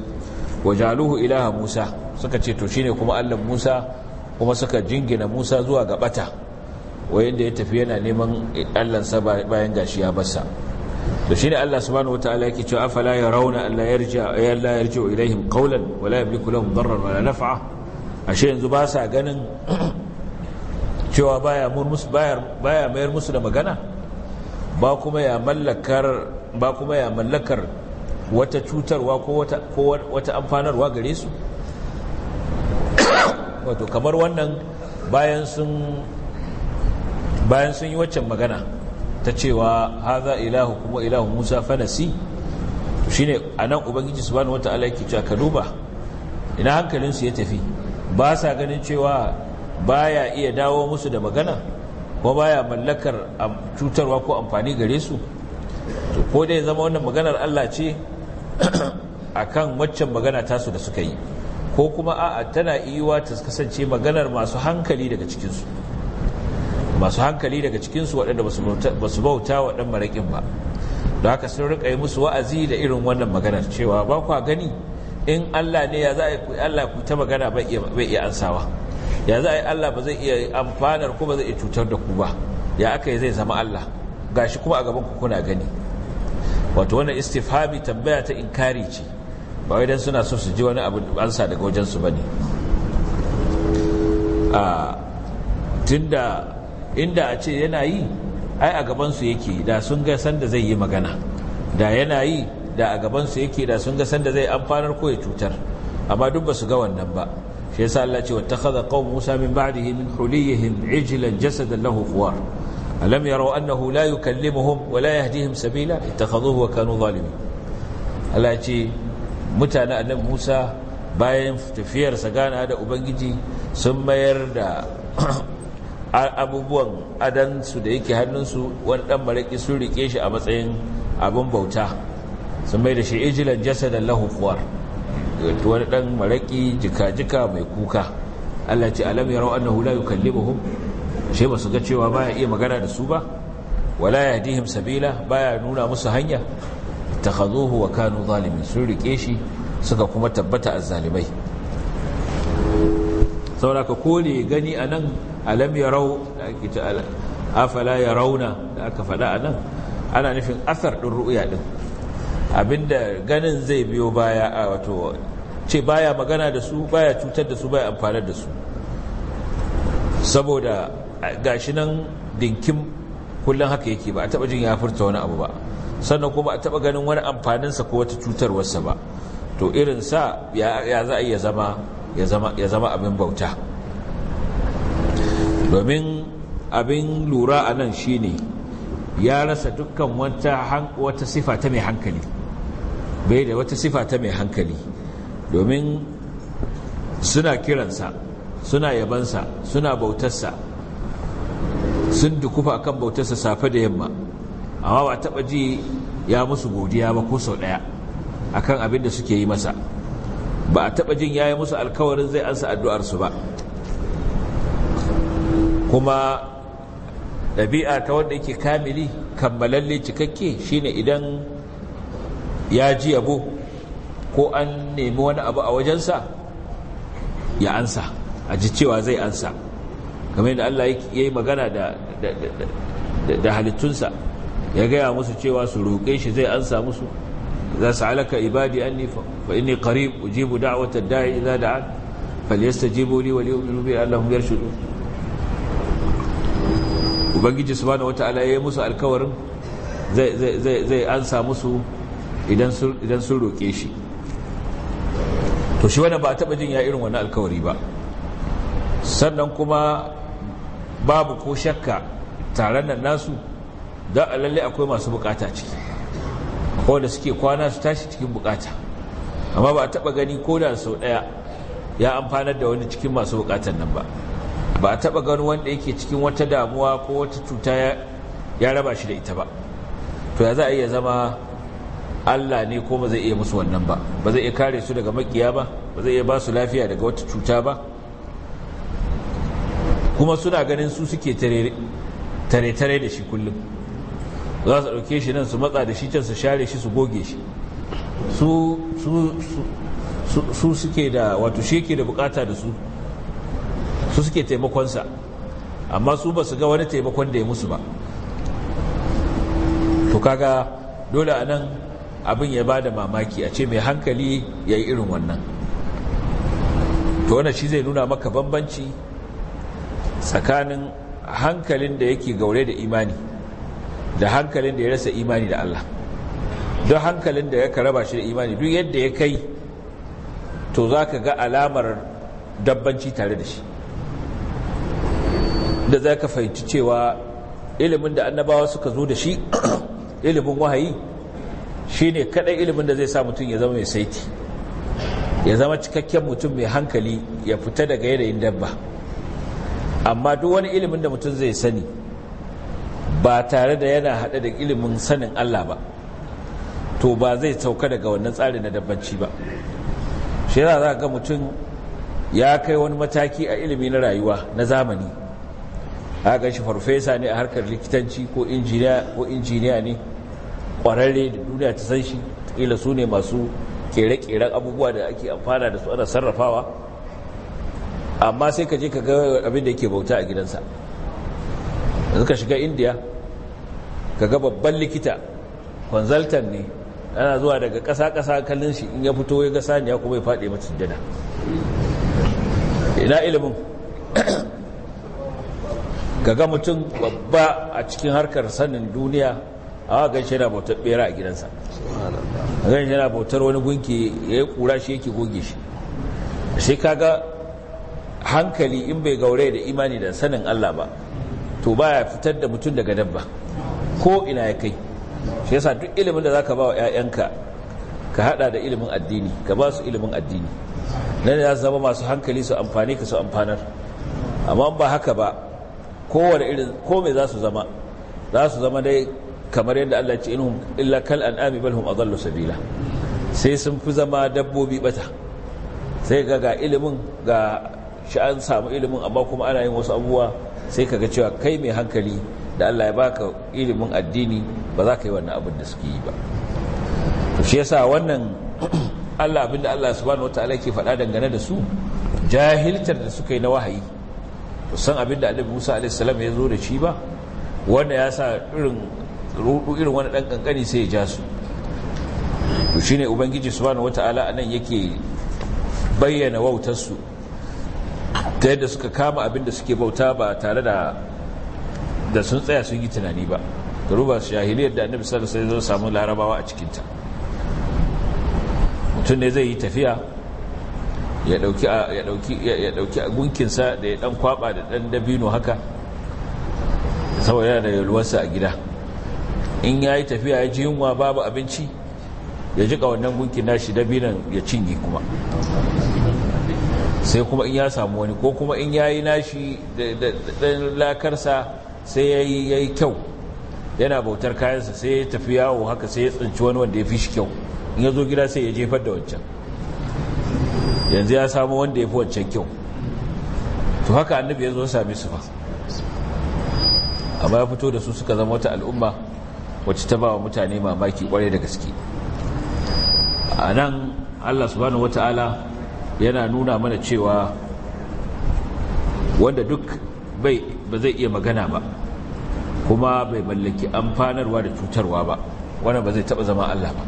wajaluhu ilaha Musa suka ce to shine kuma allan Musa kuma suka jingina Musa zuwa ga bata wayanda ya tafi yana neman allansa bayan gashi ya basa to shine Allah subhanahu wataala yake cewa afala yarawna alla yarja alla rija ilaihim qawlan wala yamliku lahum darran wala naf'a ashe yanzu ba sa ganin cewa baya mun musu baya mayar musu da magana ba kuma ya mallakar ba kuma ya mallakar wata cutarwa ko wata ko wata amfanarwa gare su wato kamar wannan bayan sun bayan sun yi waccan magana ta cewa haza ilahu kuma ilahu musa fanasi shine nan ubangiji subhanahu wataala yake cewa ka duba ina hankalinsu ya tafi ba sa ganin cewa baya iya dawo musu da magana ko baya mallakar cutarwa ko amfani gare su ko dai zama wannan maganar Allah ce akan waccan magana tasu da suka yi ko kuma a'a tana iyuwa ta kasance maganar masu hankali daga cikinsu masu hankali daga cikinsu waɗanda ba su bauta wa ɗan maraƙin ba da haka sun rika yi musu wa'azi da irin wannan maganar cewa ba kwa gani in Allah ne ya za a yi Allah ku ta magana bai iya ansawa ya za a yi Allah ba zai iya amfanar ku ba zai iya cutar da ku ba ya aka yi zai zama Allah gashi kuma a gaban ku kuna gani wato wannan istifhami tambaya ta inkari ce ba wai dan suna so su ji wani abu ansa daga wajen su bane a ah, tunda inda a ce yana yi ai a gabansu yake da sun ga sanda zai yi magana da yana yi da a gabansu yake da sun ga sanda zai amfanar ko ya cutar amma duk ba su ga wannan ba shi yasa Allah ce wattakhadha qaum Musa min ba'dihi min huliyihim ijlan jasadan lahu khuwar alam yaraw annahu la yukallimuhum wa la yahdihim sabila ittakhadhuhu wa kanu zalimin Allah ce mutanen annabi Musa bayan tafiyarsa gana da ubangiji sun mayar da abubuwan adansu da yake hannunsu wani ɗan maraƙi sun riƙe shi a matsayin abin bauta sun mai da shi ijilan jasadan lahukuwar wani ɗan maraƙi jika-jika mai kuka allah ce alam ya ra'uwa annahu la yukallimuhum shi ba su ga cewa baya iya magana da su ba wala ya sabila baya nuna musu hanya ta wa kanu zalimi sun riƙe shi suka kuma tabbata a zalimai ka ko gani a nan alam rau da ake ce afala rauna da aka faɗa a nan ana nufin asar ɗin ru'uya ɗin abinda ganin zai biyo baya a wato ce baya magana da su baya cutar da su baya amfanar da su saboda gashi nan dinkin kullum haka yake ba a taba jin ya furta wani abu ba sannan kuma a taba ganin wani amfaninsa ko wata cutarwarsa ba to irin sa ya za a iya zama abin bauta domin abin lura a nan shi ya rasa dukkan wata sifa ta mai hankali bai da wata sifa ta mai hankali domin suna kiransa suna yabansa suna bautarsa sun dukufa akan bautarsa safe da yamma amma ba taba ji ya musu godiya ba ko sau ɗaya akan abin da suke yi masa ba a taba jin ya yi musu alkawarin zai ansa addu'arsu ba kuma ɗabi'a ta wanda yake kamili kammalalle cikakke shine idan ya ji abu ko an nemi wani abu a wajensa ya ansa a ji cewa zai ansa kamar yadda Allah ya yi magana da halittunsa ya gaya musu cewa su roƙe shi zai ansa musu za su halaka ibadi an nifa fa inni qarib ujibu da'watad da'i idza da'an falyastajibu li wa liyu'minu bi allahum yarshudun ubangiji su wataala ya yi musu alkawarin zai ansa musu idan sun roƙe shi to shi wani ba a taɓa jin ya irin wani alkawari ba sannan kuma babu ko shakka taron nan nasu don alalle akwai masu bukata ciki wanda suke kwana su tashi cikin bukata amma ba a taɓa gani ko da sau ɗaya ya amfanar da wani cikin masu bukatan nan ba ba a taɓa gani wanda yake cikin wata damuwa ko wata cuta ya raba shi da ita ba to ya za a iya zama allah ne ko ba zai iya musu wannan ba ba zai iya kare su daga makiya ba ba zai iya ba su lafiya daga wata cuta ba kuma suna ganin su suke tare-tare da shi kullum za su ɗauke shi nan su matsa da shi can su share shi su goge shi su suke da wato shi ke da bukata da su su suke taimakonsa amma su ba su ga wani taimakon da ya musu ba to kaga dole a nan abin ya ba da mamaki a ce mai hankali ya yi irin wannan to wannan shi zai nuna maka bambanci tsakanin hankalin da yake gaure da imani da hankalin da ya rasa imani da Allah don hankalin da ya karaba shi da imani duk yadda ya kai to za ka ga alamar dabbanci tare da shi da za ka fahimci cewa ilimin da annabawa suka zo da shi ilimin wahayi shi ne kaɗai ilimin da zai sa mutum ya zama mai saiti ya zama cikakken mutum mai hankali ya fita daga yanayin dabba amma duk wani ilimin da mutum zai sani ba tare da yana haɗe da ilimin sanin Allah ba to ba zai sauka daga wannan tsari na dabbanci ba shi yana za ga mutum ya kai wani mataki a ilimi na rayuwa na zamani ga shi farfesa ne a harkar likitanci ko injiniya ne kwararre da duniya ta san shi kila su ne masu kere-keren abubuwa da ake amfana da su ana sarrafawa amma sai ka je ka ga abin da yake bauta a gidansa yanzu ka shiga indiya ka ga babban likita consultant ne ana zuwa daga kasa kasa kallon shi in ya fito ya ga saniya kuma ya faɗi mata jana ina ilimin kaga mutum babba a cikin harkar sanin duniya a gan shi yana bautar bera a gidansa a yana bautar wani gunki ya yi kura shi yake goge shi sai kaga hankali in bai gaure da imani da sanin Allah ba to baya fitar da mutum daga dabba ko ina ya kai shi yasa duk ilimin da zaka ba wa 'ya'yanka ka hada da ilimin addini ka ba su ilimin addini nan ya zama masu hankali su amfani ka su amfanar amma ba haka ba kowane irin ko mai za su zama za su zama dai kamar yadda Allah ce inhum illa kal an'ami bal hum adallu sabila sai sun fi zama dabbobi bata sai ga ga ilimin ga shi an samu ilimin amma kuma ana yin wasu abubuwa sai kaga cewa kai mai hankali da Allah ya baka ilimin addini ba za ka yi wannan abin da suke yi ba to shi yasa wannan Allah abinda Allah subhanahu wataala yake faɗa dangane da su jahiltar da suka yi na wahayi san abin da annabi Musa alaihi ya zo da shi ba wanda ya sa irin rudu irin wani dan kankani sai ya ja su to shine ubangiji subhanahu wataala anan yake bayyana wautar su ta yadda suka kama abin da suke bauta ba tare da da sun tsaya sun yi tunani ba garuba su jahiliyar da annabi sallallahu alaihi wasallam samu larabawa a cikin ta mutum ne zai yi tafiya ya dauki ya dauki ya dauki gunkinsa da ya dan kwaba da dan dabino haka saboda yana da yalwarsa a gida in yayi tafiya ya ji yunwa babu abinci ya jika wannan gunkin nashi dabinan ya cinye kuma sai kuma in ya samu wani ko kuma in yayi nashi da dan lakarsa sai yayi yayi kyau yana bautar kayansa sai ya tafi yawo haka sai ya tsinci wani wanda ya fi shi kyau in ya zo gida sai ya jefar da wancan yanzu ya samu wanda ya fi wancan kyau to haka annabi ya zo sami su ba amma ya fito da su suka zama wata al'umma wacce ta ba wa mutane mamaki kwarai da gaske a nan allah subhanahu wata'ala yana nuna mana cewa wanda duk bai ba zai iya magana ba kuma bai mallaki amfanarwa da cutarwa ba wanda ba zai taba zama allah ba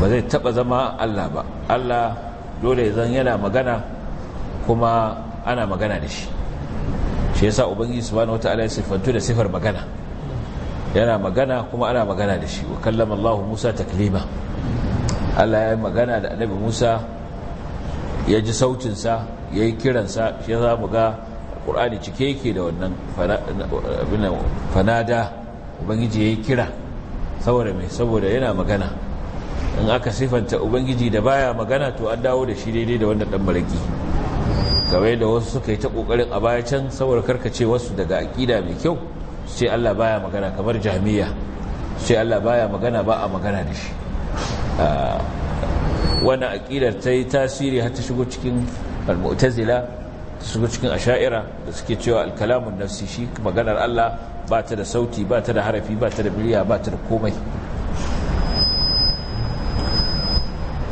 ba zai taba zama allah ba allah dole zan yana magana kuma ana magana da shi shi yasa ubangiji subhanahu wataala ya siffantu da sifar magana yana magana kuma ana magana da shi wa kallama Allah Musa taklima Allah ya yi magana da annabi Musa ya ji sautinsa ya yi kiransa shi za mu ga ƙur'ani cike yake da wannan fanada ubangiji ya yi kira saboda mai saboda yana magana in aka sifanta ubangiji da baya magana to an dawo da shi daidai da wannan dan maraki game da wasu suka yi ta kokarin a baya can saboda karkace wasu daga aqida mai kyau sai Allah baya magana kamar jami'a sai Allah baya magana ba a magana da shi wannan akidar ta yi tasiri har ta shigo cikin al-mu'tazila shigo cikin asha'ira da suke cewa al-kalamun nafsi shi maganar Allah ba ta da sauti ba ta da harafi ba ta da biliya ba ta da komai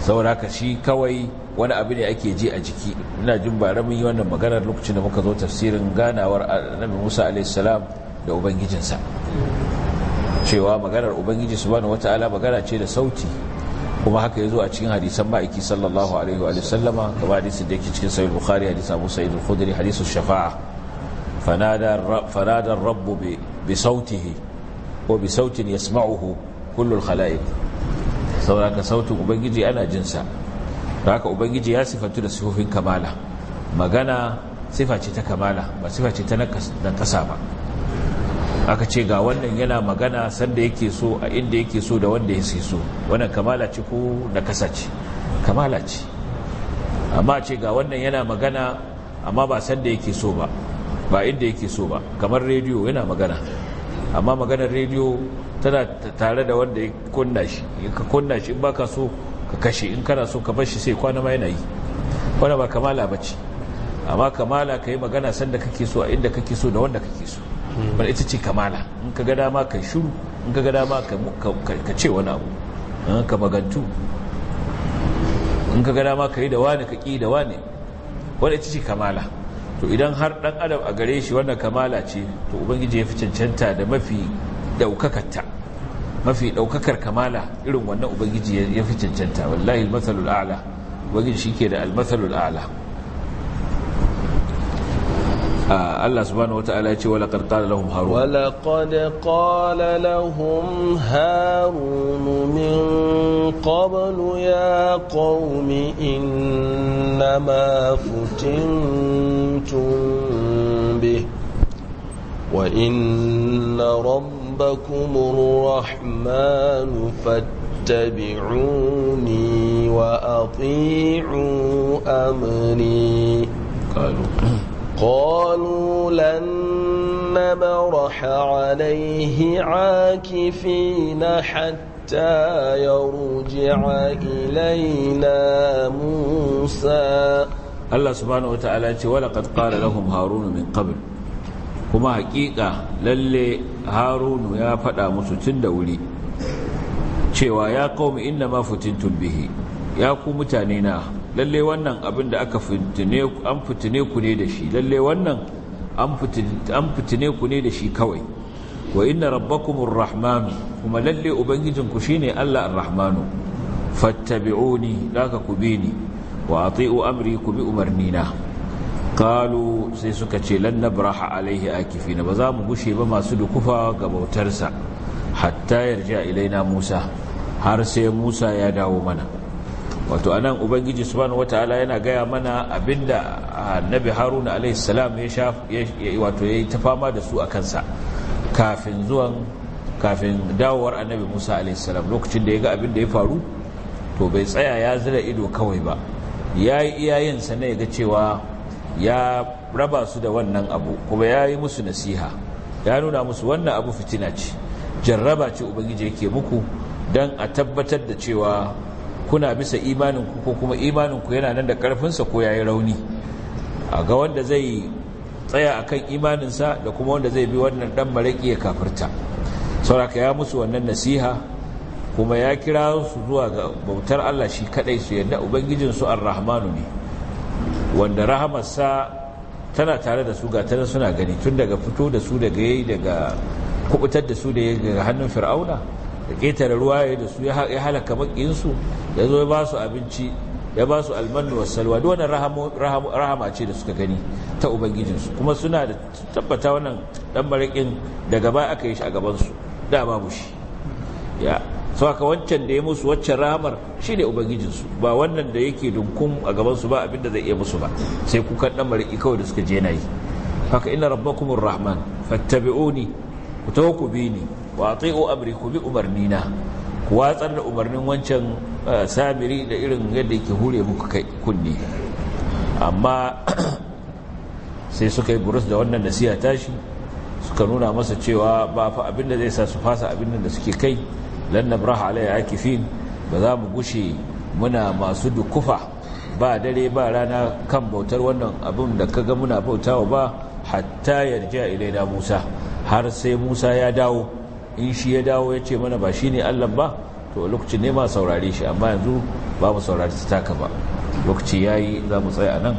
sauraka shi kawai wani abu ne ake ji a jiki ina jin ba mun yi wannan maganar lokacin da muka zo tafsirin ganawar annabi Musa salam da ubangijinsa cewa maganar ubangiji subhanahu wataala magana ce da sauti kuma haka yazo a cikin hadisan ma'aiki sallallahu alaihi wa sallama kamar hadisin da yake cikin sahih bukhari hadisi abu sa'id al-khudri hadisin shafa'a fanada fanada ar-rabb bi sautihi wa bi sautin yasma'uhu kullu al-khalaiq sauraka sautin ubangiji ana jinsa haka ubangiji ya sifatu da sifofin kamala magana sifa ce ta kamala ba sifa ce ta nakasa ba aka ce ga wannan yana magana sanda yake so a inda yake so da wanda ya so wannan kamala ce ko ƙasa ce kamala ce amma ce ga wannan yana magana amma ba sanda yake so ba ba inda yake so ba kamar rediyo yana magana amma maganar rediyo tana tare da wanda ya kunna shi in ka kunna shi in ba ka so ka kashe in kana so ka bar shi sai kwana ma yana yi wanda ba kamala ba ce amma kamala ka yi magana sanda kake so a inda kake so da wanda kake so ba hmm. ita ce kamala in ka ga dama ka shiru in ka ga dama ka ce wani abu eh, ka magantu in ka ga dama ka yi da wani ka ƙi da wani wanda ita ce kamala to idan har dan adam a gare shi wannan kamala ce to ubangiji ya fi cancanta da mafi daukakatta mafi daukakar kamala irin wannan ubangiji ya fi cancanta wallahi almathalul a'la ubangiji shike da almathalul a'la ah, Allah subhanahu wata'ala ya ce wa laqad qala lahum harun wa laqad qala lahum harun min qablu ya qaumi innama futintum bihi وإن ربكم الرحمن فاتبعوني وأطيعوا أمري قالوا قالوا لن نبرح عليه عاكفين حتى يرجع إلينا موسى الله سبحانه وتعالى ولقد قال لهم هارون من قبل kuma hakika lalle harunu ya faɗa musu tun da wuri cewa ya qaumi inna ma futintun bihi ya ku mutane na lalle wannan abin da aka fitine an fitine ku ne da shi lalle wannan an fitine ku ne da shi kawai wa inna rabbakumur rahmanu kuma lalle ubangijinku shine Allah ar-rahmanu ku bi ni? wa ati'u amri bi umarnina kalu sai suka ce lan braha alaihi na ba za mu gushe ba masu dukufa ga bautarsa hatta yarja ilaina Musa har sai Musa ya dawo mana wato anan ubangiji subhanahu wataala yana gaya mana abinda annabi Haruna alaihi salam ya sha wato yayi ta fama da su a kansa kafin zuwan kafin dawowar annabi Musa alaihi salam lokacin da ya ga abin da ya faru to bai tsaya ya zira ido kawai ba yayi iyayensa ne ya ga cewa ya raba su da wannan abu kuma ya yi musu nasiha ya nuna musu wannan abu fitina ce jarraba ce ubangiji yake muku don a tabbatar da cewa kuna bisa imaninku ko kuma imaninku yana nan da karfinsa ko ya yi rauni a ga wanda zai tsaya a kan imaninsa da kuma wanda zai bi wannan dan maraƙi ya kafirta sauraka ya musu wannan nasiha kuma ya kira su zuwa ga bautar allah shi kaɗai su yadda ubangijinsu an rahmanu ne wanda rahamarsa tana tare da su ga tana suna gani tun daga fito da su daga yayi daga kubutar da su da yayi daga hannun fir'auna da ƙetare ruwa yayi da su ya halaka su ya zo ya ba su abinci ya ba su almanu wa salwa duk wannan rahama ce da suka gani ta ubangijinsu kuma suna da tabbata wannan dan barakin daga ba aka yi shi a su da babu shi ya su haka wancan da ya musu wacce ramar shi ne ubangijinsu ba wannan da yake dunkun a gabansu ba abinda zai iya musu ba sai kuka ɗan mariki kawai da suka je na yi haka ina rabbakumur rahman fattabi'uni ku taho ku bi ni wa ati'u amri ku bi na ku watsar da umarnin wancan eh, samiri da irin yadda yake hure muku kai kunne. amma sai suka yi burus da wannan nasiya tashi suka nuna masa cewa ba fa abinda zai sa su fasa abinda da suke kai lan nabraha alayhi akifin ba za mu gushe muna masu dukufa ba dare ba rana kan bautar wannan abin da ka ga muna bautawa ba hatta yarja ilaina Musa har sai Musa ya dawo in shi ya dawo ya ce mana ba shi ne Allah ba to lokacin ne ma saurare shi amma yanzu ba mu saurari ta taka ba lokaci yayi za mu tsaya nan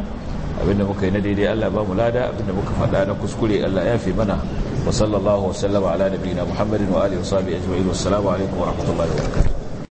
abinda muka yi na daidai Allah ba mu lada abinda muka faɗa na kuskure Allah ya fi mana wa sallallahu wasallama ala nabiyina muhammadin wa alihi wa sahbihi ajma'in wassalamu alaikum wa rahmatullahi wa barakatuh